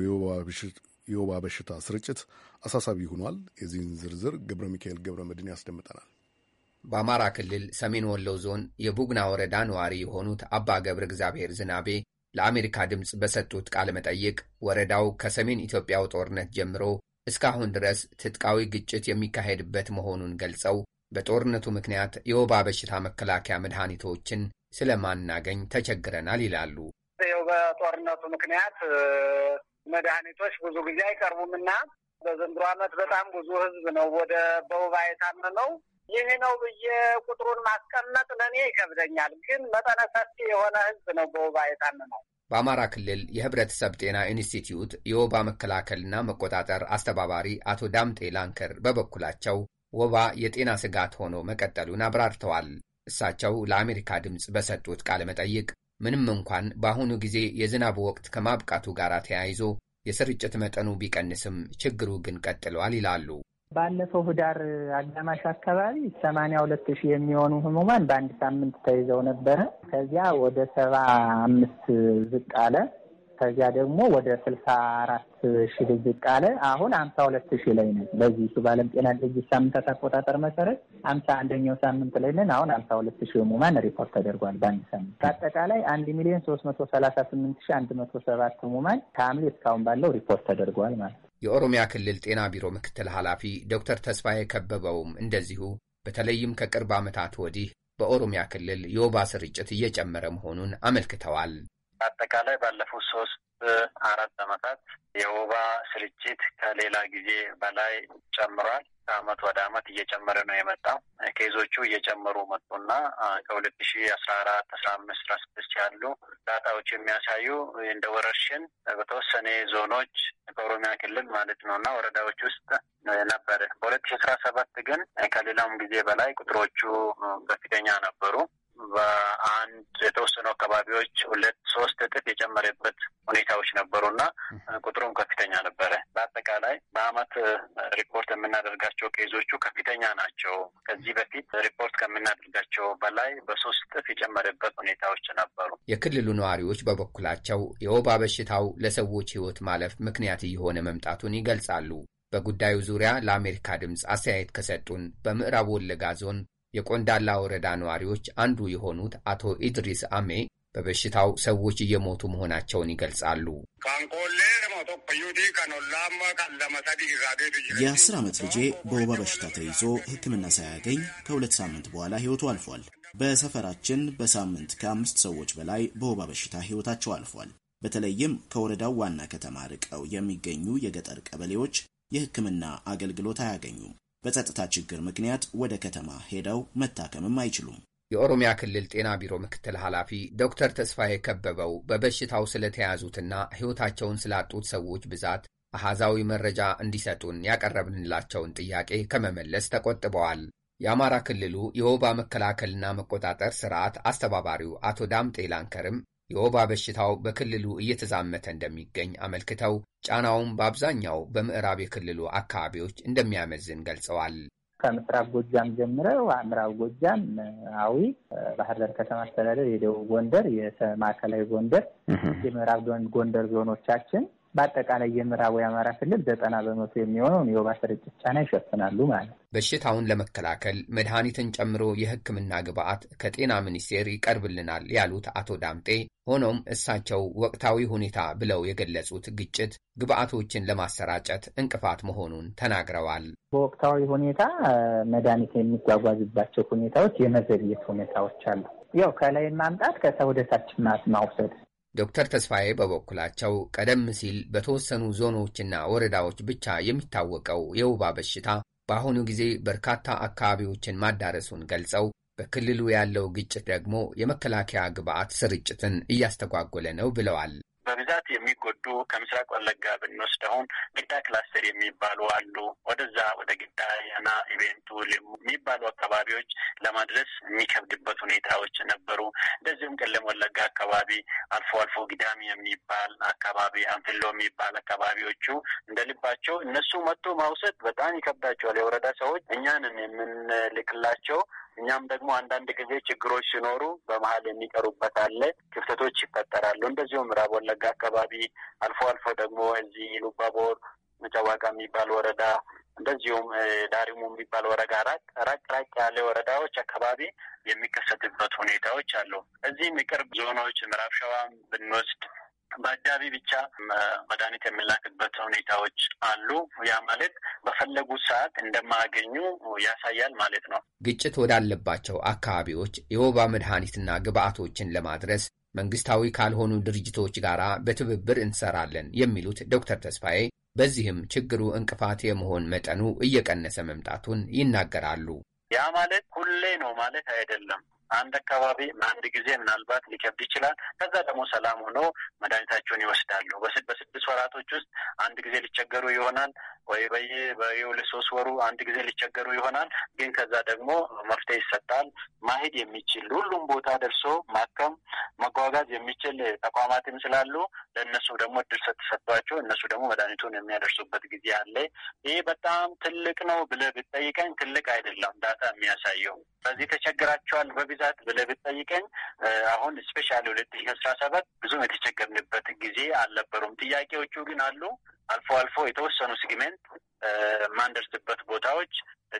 Speaker 1: የወባ በሽታ ስርጭት አሳሳቢ ሆኗል። የዚህን ዝርዝር ገብረ ሚካኤል ገብረ መድን ያስደምጠናል።
Speaker 2: በአማራ ክልል ሰሜን ወሎ ዞን የቡግና ወረዳ ነዋሪ የሆኑት አባ ገብረ እግዚአብሔር ዝናቤ ለአሜሪካ ድምፅ በሰጡት ቃለ መጠይቅ ወረዳው ከሰሜን ኢትዮጵያው ጦርነት ጀምሮ እስካሁን ድረስ ትጥቃዊ ግጭት የሚካሄድበት መሆኑን ገልጸው በጦርነቱ ምክንያት የወባ በሽታ መከላከያ መድኃኒቶችን ስለማናገኝ ተቸግረናል ይላሉ።
Speaker 16: በጦርነቱ ምክንያት መድኃኒቶች ብዙ ጊዜ አይቀርቡም እና በዘንድሮ ዓመት በጣም ብዙ ህዝብ ነው ወደ በውባ የታመመው። ይህ ነው ብዬ ቁጥሩን ማስቀመጥ ለእኔ ይከብደኛል፣ ግን መጠነ ሰፊ የሆነ ህዝብ ነው በውባ የታመመው።
Speaker 2: በአማራ ክልል የህብረተሰብ ጤና ኢንስቲትዩት የወባ መከላከልና መቆጣጠር አስተባባሪ አቶ ዳምጤ ላንከር በበኩላቸው ወባ የጤና ስጋት ሆኖ መቀጠሉን አብራርተዋል። እሳቸው ለአሜሪካ ድምፅ በሰጡት ቃለ መጠይቅ ምንም እንኳን በአሁኑ ጊዜ የዝናብ ወቅት ከማብቃቱ ጋር ተያይዞ የስርጭት መጠኑ ቢቀንስም ችግሩ ግን ቀጥሏል ይላሉ።
Speaker 15: ባለፈው ህዳር አጋማሽ አካባቢ ሰማንያ ሁለት ሺህ የሚሆኑ ህሙማን በአንድ ሳምንት ተይዘው ነበረ። ከዚያ ወደ ሰባ አምስት ዝቅ አለ። ከዚያ ደግሞ ወደ ስልሳ አራት ሺህ ድርጅት ቃለ አሁን ሀምሳ ሁለት ሺህ ላይ ነን። በዚህ በዓለም ጤና ድርጅት ሳምንታት አቆጣጠር መሰረት ሀምሳ አንደኛው ሳምንት ላይ ነን። አሁን ሀምሳ ሁለት ሺህ ህሙማን ሪፖርት ተደርጓል በአንድ ሳምንት ከአጠቃላይ አንድ ሚሊዮን ሶስት መቶ ሰላሳ ስምንት ሺህ አንድ መቶ ሰባት ህሙማን ከሐምሌ እስካሁን ባለው ሪፖርት
Speaker 14: ተደርጓል ማለት ነው።
Speaker 2: የኦሮሚያ ክልል ጤና ቢሮ ምክትል ኃላፊ ዶክተር ተስፋዬ ከበበውም እንደዚሁ በተለይም ከቅርብ ዓመታት ወዲህ በኦሮሚያ ክልል የወባ ስርጭት እየጨመረ መሆኑን አመልክተዋል። አጠቃላይ ባለፉት ሶስት
Speaker 6: አራት ዓመታት የወባ ስርጭት ከሌላ ጊዜ በላይ ጨምሯል። ከአመት ወደ አመት እየጨመረ ነው የመጣው። ኬዞቹ እየጨመሩ መጡና ከሁለት ሺ አስራ አራት አስራ አምስት አስራ ስድስት ያሉ ዳታዎች የሚያሳዩ እንደ ወረርሽን በተወሰነ ዞኖች ከኦሮሚያ ክልል ማለት ነው እና ወረዳዎች ውስጥ ነበረ። በሁለት ሺ አስራ ሰባት ግን ከሌላውም ጊዜ በላይ ቁጥሮቹ በፊተኛ ነበሩ። በአንድ የተወሰኑ አካባቢዎች ሁለት ሶስት እጥፍ የጨመረበት ሁኔታዎች ነበሩና ቁጥሩም ከፍተኛ ነበረ። በአጠቃላይ በአመት ሪፖርት የምናደርጋቸው ኬዞቹ ከፍተኛ ናቸው። ከዚህ በፊት ሪፖርት ከምናደርጋቸው በላይ በሶስት እጥፍ የጨመረበት ሁኔታዎች ነበሩ።
Speaker 2: የክልሉ ነዋሪዎች በበኩላቸው የወባ በሽታው ለሰዎች ህይወት ማለፍ ምክንያት እየሆነ መምጣቱን ይገልጻሉ። በጉዳዩ ዙሪያ ለአሜሪካ ድምፅ አስተያየት ከሰጡን በምዕራብ ወለጋ ዞን የቆንዳላ ወረዳ ነዋሪዎች አንዱ የሆኑት አቶ ኢድሪስ አሜ በበሽታው ሰዎች እየሞቱ መሆናቸውን ይገልጻሉ። የአስር ዓመት ልጄ በወባ በሽታ ተይዞ
Speaker 8: ሕክምና ሳያገኝ ከሁለት ሳምንት በኋላ ሕይወቱ አልፏል። በሰፈራችን በሳምንት ከአምስት ሰዎች በላይ በወባ በሽታ ሕይወታቸው አልፏል። በተለይም ከወረዳው ዋና ከተማ ርቀው የሚገኙ የገጠር ቀበሌዎች የሕክምና አገልግሎት አያገኙም። በጸጥታ ችግር ምክንያት
Speaker 2: ወደ ከተማ ሄደው መታከምም አይችሉም። የኦሮሚያ ክልል ጤና ቢሮ ምክትል ኃላፊ ዶክተር ተስፋዬ ከበበው በበሽታው ስለተያዙትና ሕይወታቸውን ስላጡት ሰዎች ብዛት አሃዛዊ መረጃ እንዲሰጡን ያቀረብንላቸውን ጥያቄ ከመመለስ ተቆጥበዋል። የአማራ ክልሉ የወባ መከላከልና መቆጣጠር ስርዓት አስተባባሪው አቶ ዳምጤ ላንከርም የወባ በሽታው በክልሉ እየተዛመተ እንደሚገኝ አመልክተው ጫናውም በአብዛኛው በምዕራብ የክልሉ አካባቢዎች እንደሚያመዝን ገልጸዋል። ከምስራብ
Speaker 15: ጎጃም ጀምረው ምዕራብ ጎጃም፣ አዊ፣ ባህር ዳር ከተማ አስተዳደር፣ የደቡብ ጎንደር፣ የማዕከላዊ ጎንደር፣ የምዕራብ ጎንደር ዞኖቻችን በአጠቃላይ
Speaker 2: የምዕራቡ የአማራ ክልል ዘጠና በመቶ የሚሆነውን የወባ ስርጭት ጫና ይሸፍናሉ ማለት ነው። በሽታውን ለመከላከል መድኃኒትን ጨምሮ የሕክምና ግብዓት ከጤና ሚኒስቴር ይቀርብልናል ያሉት አቶ ዳምጤ፣ ሆኖም እሳቸው ወቅታዊ ሁኔታ ብለው የገለጹት ግጭት ግብዓቶችን ለማሰራጨት እንቅፋት መሆኑን ተናግረዋል።
Speaker 15: በወቅታዊ ሁኔታ መድኃኒት የሚጓጓዝባቸው ሁኔታዎች የመዘግየት ሁኔታዎች አሉ። ያው ከላይ ማምጣት ከሰው
Speaker 2: ወደታችን ማውሰድ ዶክተር ተስፋዬ በበኩላቸው ቀደም ሲል በተወሰኑ ዞኖችና ወረዳዎች ብቻ የሚታወቀው የውባ በሽታ በአሁኑ ጊዜ በርካታ አካባቢዎችን ማዳረሱን ገልጸው በክልሉ ያለው ግጭት ደግሞ የመከላከያ ግብዓት ስርጭትን እያስተጓጎለ ነው ብለዋል።
Speaker 6: በብዛት የሚጎዱ ከምስራቅ ወለጋ ብንወስድ አሁን ግዳ ክላስተር የሚባሉ አሉ። ወደዛ ወደ ግዳ ያና፣ ኢቬንቱ የሚባሉ አካባቢዎች ለማድረስ የሚከብድበት ሁኔታዎች ነበሩ። እንደዚሁም ቄለም ወለጋ አካባቢ አልፎ አልፎ ግዳሚ የሚባል አካባቢ፣ አንፍሎ የሚባል አካባቢዎቹ እንደ ልባቸው እነሱ መጥቶ ማውሰድ በጣም ይከብዳቸዋል። የወረዳ ሰዎች እኛንን የምንልክላቸው እኛም ደግሞ አንዳንድ ጊዜ ችግሮች ሲኖሩ በመሀል የሚቀሩበት አለ፣ ክፍተቶች ይፈጠራሉ። እንደዚሁም ምዕራብ ወለጋ አካባቢ አልፎ አልፎ ደግሞ እዚህ ኢሉባቦር መጫዋቃ የሚባል ወረዳ እንደዚሁም ዳሪሙ የሚባል ወረዳ ራቅ ራቅ ራቅ ያለ ወረዳዎች አካባቢ የሚከሰትበት ሁኔታዎች አሉ። እዚህ የሚቅርብ ዞኖች ምዕራብ ሸዋም ብንወስድ በአጃቢ ብቻ መድኃኒት የሚላክበት ሁኔታዎች አሉ። ያ ማለት በፈለጉ ሰዓት እንደማያገኙ ያሳያል ማለት
Speaker 2: ነው። ግጭት ወዳለባቸው አካባቢዎች የወባ መድኃኒትና ግብአቶችን ለማድረስ መንግስታዊ ካልሆኑ ድርጅቶች ጋር በትብብር እንሰራለን የሚሉት ዶክተር ተስፋዬ በዚህም ችግሩ እንቅፋት የመሆን መጠኑ እየቀነሰ መምጣቱን ይናገራሉ።
Speaker 6: ያ ማለት ሁሌ ነው ማለት አይደለም። አንድ አካባቢ አንድ ጊዜ ምናልባት ሊከብድ ይችላል። ከዛ ደግሞ ሰላም ሆኖ መድኃኒታቸውን ይወስዳሉ። በስድስት ወራቶች ውስጥ አንድ ጊዜ ሊቸገሩ ይሆናል ወይ በየሁለት ሶስት ወሩ አንድ ጊዜ ሊቸገሩ ይሆናል። ግን ከዛ ደግሞ መፍትሄ ይሰጣል። ማሄድ የሚችል ሁሉም ቦታ ደርሶ ማከም መጓጓዝ የሚችል ተቋማትም ስላሉ ለእነሱ ደግሞ እድል ተሰጥቷቸው እነሱ ደግሞ መድኃኒቱን የሚያደርሱበት ጊዜ አለ። ይህ በጣም ትልቅ ነው ብለህ ብትጠይቀኝ ትልቅ አይደለም ዳታ የሚያሳየው። በዚህ ተቸግራቸዋል በብዛት በብዛት ብለህ ብትጠይቀኝ አሁን ስፔሻሊ ሁለት ሺህ አስራ ሰባት ብዙም የተቸገርንበት ጊዜ አልነበሩም። ጥያቄዎቹ ግን አሉ። አልፎ አልፎ የተወሰኑ ሲግሜንት የማንደርስበት ቦታዎች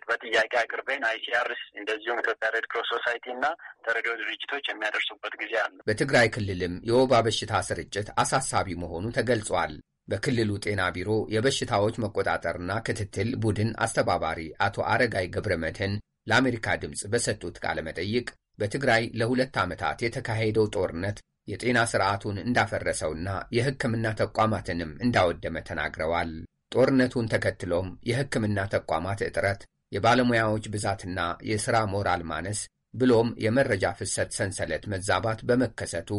Speaker 6: በጥያቄ አቅርበን አይሲአርስ እንደዚሁም ኢትዮጵያ ሬድ ክሮስ ሶሳይቲ እና ተረዲዮ ድርጅቶች የሚያደርሱበት ጊዜ አለ።
Speaker 2: በትግራይ ክልልም የወባ በሽታ ስርጭት አሳሳቢ መሆኑ ተገልጿል። በክልሉ ጤና ቢሮ የበሽታዎች መቆጣጠርና ክትትል ቡድን አስተባባሪ አቶ አረጋይ ገብረ መድህን ለአሜሪካ ድምፅ በሰጡት ቃለ መጠይቅ በትግራይ ለሁለት ዓመታት የተካሄደው ጦርነት የጤና ሥርዓቱን እንዳፈረሰውና የሕክምና ተቋማትንም እንዳወደመ ተናግረዋል። ጦርነቱን ተከትሎም የሕክምና ተቋማት እጥረት፣ የባለሙያዎች ብዛትና የሥራ ሞራል ማነስ ብሎም የመረጃ ፍሰት ሰንሰለት መዛባት በመከሰቱ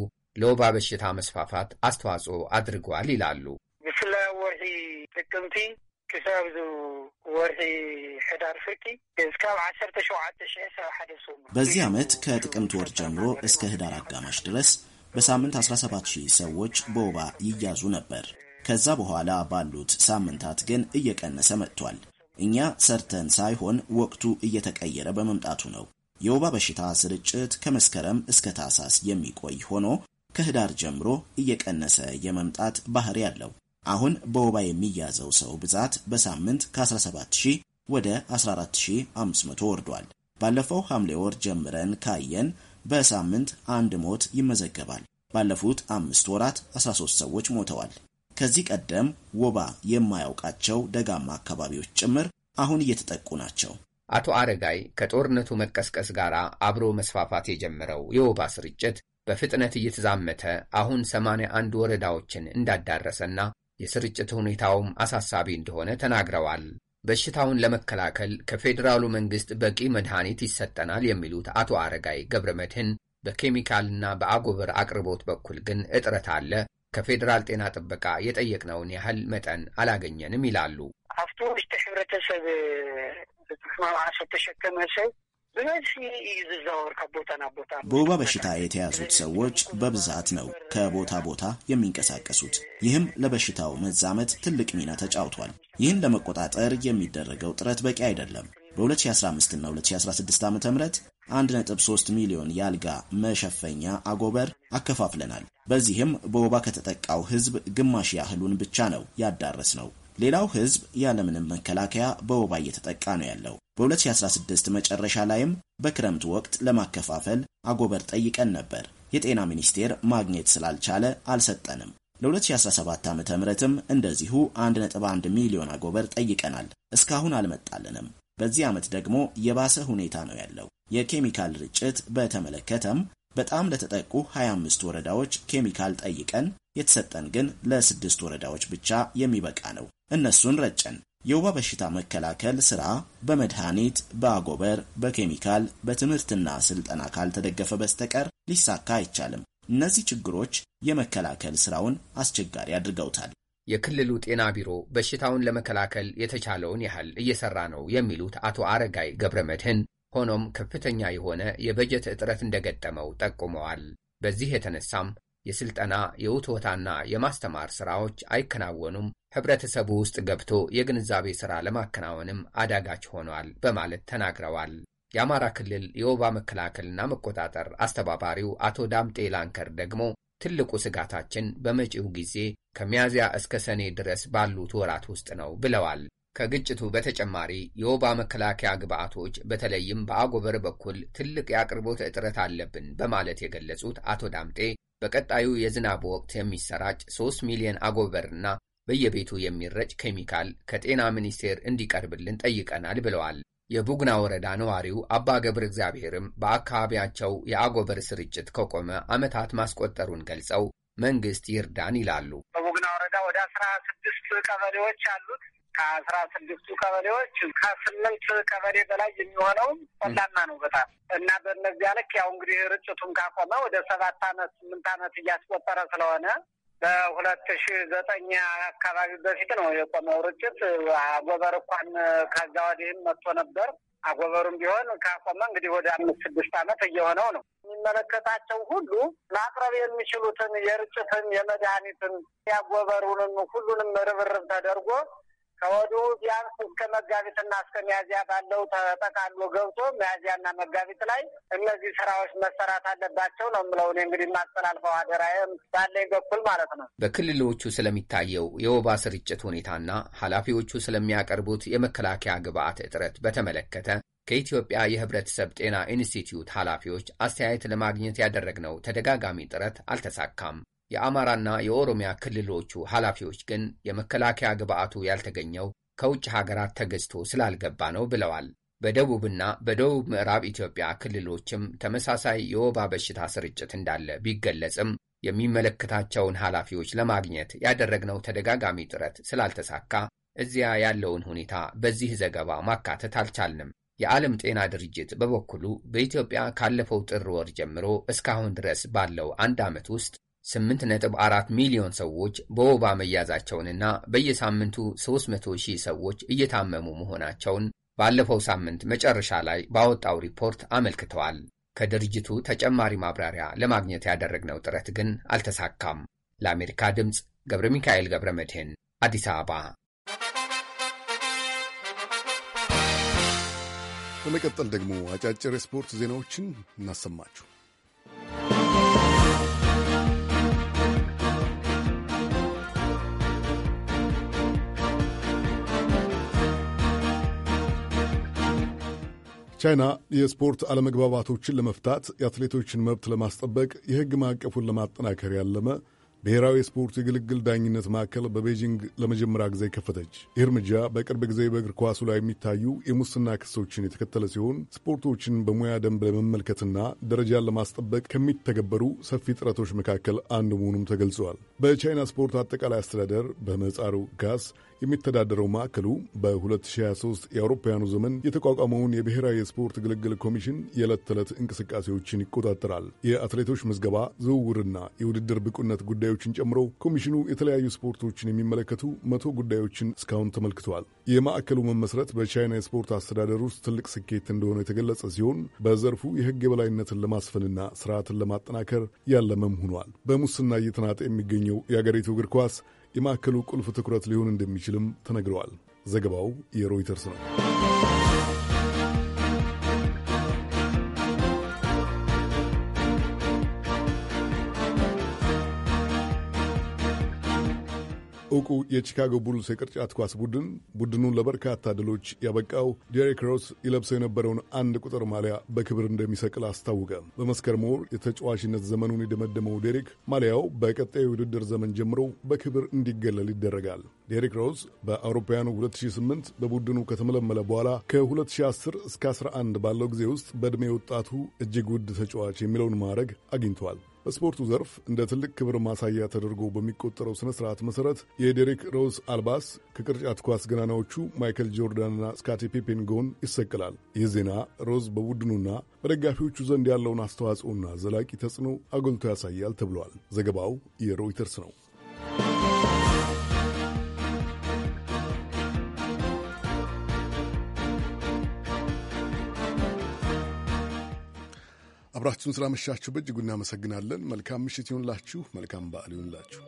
Speaker 2: ለወባ በሽታ መስፋፋት አስተዋጽኦ አድርጓል ይላሉ።
Speaker 16: ብፍላይ ወርሒ ጥቅምቲ ክሳብ ወርሒ
Speaker 8: ሕዳር ፍርቂ እስካብ ዓሰርተ ሸውዓተ ሽሕ ሰብ ሓደ ሰሙ በዚህ ዓመት ከጥቅምት ወር ጀምሮ እስከ ህዳር አጋማሽ ድረስ በሳምንት 17 ሺህ ሰዎች በወባ ይያዙ ነበር። ከዛ በኋላ ባሉት ሳምንታት ግን እየቀነሰ መጥቷል። እኛ ሰርተን ሳይሆን ወቅቱ እየተቀየረ በመምጣቱ ነው። የወባ በሽታ ስርጭት ከመስከረም እስከ ታህሳስ የሚቆይ ሆኖ ከህዳር ጀምሮ እየቀነሰ የመምጣት ባህሪ አለው። አሁን በወባ የሚያዘው ሰው ብዛት በሳምንት ከ17000 ወደ 14500 ወርዷል። ባለፈው ሐምሌ ወር ጀምረን ካየን በሳምንት አንድ ሞት ይመዘገባል። ባለፉት አምስት ወራት 13 ሰዎች ሞተዋል። ከዚህ ቀደም ወባ
Speaker 2: የማያውቃቸው ደጋማ አካባቢዎች ጭምር አሁን እየተጠቁ ናቸው። አቶ አረጋይ ከጦርነቱ መቀስቀስ ጋር አብሮ መስፋፋት የጀመረው የወባ ስርጭት በፍጥነት እየተዛመተ አሁን 81 አንድ ወረዳዎችን እንዳዳረሰና የስርጭት ሁኔታውም አሳሳቢ እንደሆነ ተናግረዋል። በሽታውን ለመከላከል ከፌዴራሉ መንግሥት በቂ መድኃኒት ይሰጠናል የሚሉት አቶ አረጋይ ገብረ መድህን በኬሚካልና በአጎበር አቅርቦት በኩል ግን እጥረት አለ፣ ከፌዴራል ጤና ጥበቃ የጠየቅነውን ያህል መጠን አላገኘንም ይላሉ።
Speaker 16: አፍቶ ውስጥ ህብረተሰብ ተሸከመ ሰው
Speaker 2: በወባ በሽታ የተያዙት ሰዎች
Speaker 8: በብዛት ነው ከቦታ ቦታ የሚንቀሳቀሱት። ይህም ለበሽታው መዛመት ትልቅ ሚና ተጫውቷል። ይህን ለመቆጣጠር የሚደረገው ጥረት በቂ አይደለም። በ2015 ና 2016 ዓ ም 1.3 ሚሊዮን የአልጋ መሸፈኛ አጎበር አከፋፍለናል። በዚህም በወባ ከተጠቃው ሕዝብ ግማሽ ያህሉን ብቻ ነው ያዳረስ ነው። ሌላው ሕዝብ ያለምንም መከላከያ በወባ እየተጠቃ ነው ያለው። በ2016 መጨረሻ ላይም በክረምት ወቅት ለማከፋፈል አጎበር ጠይቀን ነበር። የጤና ሚኒስቴር ማግኘት ስላልቻለ አልሰጠንም። ለ2017 ዓ ምትም እንደዚሁ 1.1 ሚሊዮን አጎበር ጠይቀናል። እስካሁን አልመጣልንም። በዚህ ዓመት ደግሞ የባሰ ሁኔታ ነው ያለው። የኬሚካል ርጭት በተመለከተም በጣም ለተጠቁ 25 ወረዳዎች ኬሚካል ጠይቀን የተሰጠን ግን ለስድስት ወረዳዎች ብቻ የሚበቃ ነው። እነሱን ረጨን። የወባ በሽታ መከላከል ስራ በመድኃኒት፣ በአጎበር፣ በኬሚካል፣ በትምህርትና ስልጠና ካልተደገፈ በስተቀር ሊሳካ አይቻልም። እነዚህ ችግሮች የመከላከል ስራውን አስቸጋሪ አድርገውታል።
Speaker 2: የክልሉ ጤና ቢሮ በሽታውን ለመከላከል የተቻለውን ያህል እየሰራ ነው የሚሉት አቶ አረጋይ ገብረ መድህን፣ ሆኖም ከፍተኛ የሆነ የበጀት እጥረት እንደገጠመው ጠቁመዋል። በዚህ የተነሳም የስልጠና የውትወታና የማስተማር ስራዎች አይከናወኑም ህብረተሰቡ ውስጥ ገብቶ የግንዛቤ ሥራ ለማከናወንም አዳጋች ሆኗል በማለት ተናግረዋል። የአማራ ክልል የወባ መከላከልና መቆጣጠር አስተባባሪው አቶ ዳምጤ ላንከር ደግሞ ትልቁ ስጋታችን በመጪው ጊዜ ከሚያዝያ እስከ ሰኔ ድረስ ባሉት ወራት ውስጥ ነው ብለዋል። ከግጭቱ በተጨማሪ የወባ መከላከያ ግብዓቶች በተለይም በአጎበር በኩል ትልቅ የአቅርቦት እጥረት አለብን በማለት የገለጹት አቶ ዳምጤ በቀጣዩ የዝናብ ወቅት የሚሰራጭ 3 ሚሊዮን አጎበርና በየቤቱ የሚረጭ ኬሚካል ከጤና ሚኒስቴር እንዲቀርብልን ጠይቀናል ብለዋል። የቡግና ወረዳ ነዋሪው አባ ገብረ እግዚአብሔርም በአካባቢያቸው የአጎበር ስርጭት ከቆመ ዓመታት ማስቆጠሩን ገልጸው መንግስት ይርዳን ይላሉ።
Speaker 16: በቡግና ወረዳ ወደ አስራ ስድስት ቀበሌዎች አሉት። ከአስራ ስድስቱ ቀበሌዎች ከስምንት ቀበሌ በላይ የሚሆነውም ቆላማ ነው በጣም እና በእነዚያ ልክ ያው እንግዲህ ርጭቱን ካቆመ ወደ ሰባት አመት ስምንት አመት እያስቆጠረ ስለሆነ በሁለት ሺ ዘጠኝ አካባቢ በፊት ነው የቆመው ርጭት። አጎበር እንኳን ከዛ ወዲህም መጥቶ ነበር። አጎበሩም ቢሆን ካቆመ እንግዲህ ወደ አምስት ስድስት ዓመት እየሆነው ነው። የሚመለከታቸው ሁሉ ማቅረብ የሚችሉትን የርጭትን፣ የመድኃኒትን፣ ያጎበሩንም ሁሉንም ርብርብ ተደርጎ ከወዲሁ ቢያንስ እስከ መጋቢትና እስከ ሚያዚያ ባለው ተጠቃሎ ገብቶ ሚያዚያና መጋቢት ላይ እነዚህ ስራዎች መሰራት አለባቸው ነው የምለው። እኔ እንግዲህ የማስተላልፈው አደራዬም ባለኝ በኩል ማለት ነው።
Speaker 2: በክልሎቹ ስለሚታየው የወባ ስርጭት ሁኔታና ኃላፊዎቹ ስለሚያቀርቡት የመከላከያ ግብዓት እጥረት በተመለከተ ከኢትዮጵያ የህብረተሰብ ጤና ኢንስቲትዩት ኃላፊዎች አስተያየት ለማግኘት ያደረግነው ተደጋጋሚ ጥረት አልተሳካም። የአማራና የኦሮሚያ ክልሎቹ ኃላፊዎች ግን የመከላከያ ግብዓቱ ያልተገኘው ከውጭ ሀገራት ተገዝቶ ስላልገባ ነው ብለዋል። በደቡብና በደቡብ ምዕራብ ኢትዮጵያ ክልሎችም ተመሳሳይ የወባ በሽታ ስርጭት እንዳለ ቢገለጽም የሚመለከታቸውን ኃላፊዎች ለማግኘት ያደረግነው ተደጋጋሚ ጥረት ስላልተሳካ እዚያ ያለውን ሁኔታ በዚህ ዘገባ ማካተት አልቻልንም። የዓለም ጤና ድርጅት በበኩሉ በኢትዮጵያ ካለፈው ጥር ወር ጀምሮ እስካሁን ድረስ ባለው አንድ ዓመት ውስጥ 8.4 ሚሊዮን ሰዎች በወባ መያዛቸውንና በየሳምንቱ 300 ሺህ ሰዎች እየታመሙ መሆናቸውን ባለፈው ሳምንት መጨረሻ ላይ ባወጣው ሪፖርት አመልክተዋል። ከድርጅቱ ተጨማሪ ማብራሪያ ለማግኘት ያደረግነው ጥረት ግን አልተሳካም። ለአሜሪካ ድምፅ ገብረ ሚካኤል ገብረ መድህን አዲስ አበባ።
Speaker 1: በመቀጠል ደግሞ አጫጭር የስፖርት ዜናዎችን እናሰማችሁ። ቻይና የስፖርት አለመግባባቶችን ለመፍታት የአትሌቶችን መብት ለማስጠበቅ የሕግ ማዕቀፉን ለማጠናከር ያለመ ብሔራዊ የስፖርት የግልግል ዳኝነት ማዕከል በቤጂንግ ለመጀመሪያ ጊዜ ከፈተች። ይህ እርምጃ በቅርብ ጊዜ በእግር ኳሱ ላይ የሚታዩ የሙስና ክሶችን የተከተለ ሲሆን ስፖርቶችን በሙያ ደንብ ለመመልከትና ደረጃን ለማስጠበቅ ከሚተገበሩ ሰፊ ጥረቶች መካከል አንዱ መሆኑም ተገልጿል። በቻይና ስፖርት አጠቃላይ አስተዳደር በምህጻሩ ጋስ የሚተዳደረው ማዕከሉ በ2023 የአውሮፓውያኑ ዘመን የተቋቋመውን የብሔራዊ የስፖርት ግልግል ኮሚሽን የዕለት ተዕለት እንቅስቃሴዎችን ይቆጣጠራል። የአትሌቶች ምዝገባ፣ ዝውውርና የውድድር ብቁነት ጉዳዮችን ጨምሮ ኮሚሽኑ የተለያዩ ስፖርቶችን የሚመለከቱ መቶ ጉዳዮችን እስካሁን ተመልክተዋል። የማዕከሉ መመስረት በቻይና የስፖርት አስተዳደር ውስጥ ትልቅ ስኬት እንደሆነ የተገለጸ ሲሆን በዘርፉ የሕግ የበላይነትን ለማስፈንና ስርዓትን ለማጠናከር ያለመም ሆኗል። በሙስና እየተናጠ የሚገኘው የአገሪቱ እግር ኳስ የማዕከሉ ቁልፍ ትኩረት ሊሆን እንደሚችልም ተነግረዋል። ዘገባው የሮይተርስ ነው። እውቁ የቺካጎ ቡልስ የቅርጫት ኳስ ቡድን ቡድኑን ለበርካታ ድሎች ያበቃው ዴሪክ ሮስ ይለብሰው የነበረውን አንድ ቁጥር ማሊያ በክብር እንደሚሰቅል አስታወቀ። በመስከረም ወር የተጫዋችነት ዘመኑን የደመደመው ዴሪክ ማሊያው በቀጣዩ የውድድር ዘመን ጀምሮ በክብር እንዲገለል ይደረጋል። ዴሪክ ሮዝ በአውሮፓውያኑ 2008 በቡድኑ ከተመለመለ በኋላ ከ2010 እስከ 11 ባለው ጊዜ ውስጥ በዕድሜ ወጣቱ እጅግ ውድ ተጫዋች የሚለውን ማዕረግ አግኝቷል። በስፖርቱ ዘርፍ እንደ ትልቅ ክብር ማሳያ ተደርጎ በሚቆጠረው ሥነ-ሥርዓት መሠረት የዴሪክ ሮዝ አልባስ ከቅርጫት ኳስ ገናናዎቹ ማይከል ጆርዳንና ስካቲ ፔፔን ጎን ይህ ዜና ሮዝ በቡድኑና በደጋፊዎቹ ዘንድ ያለውን አስተዋጽኦና ዘላቂ ተጽዕኖ አጎልቶ ያሳያል ተብሏል። ዘገባው የሮይተርስ ነው። አብራችሁን ስላመሻችሁ በእጅጉ እናመሰግናለን። መልካም ምሽት ይሁንላችሁ። መልካም በዓል ይሁንላችሁ።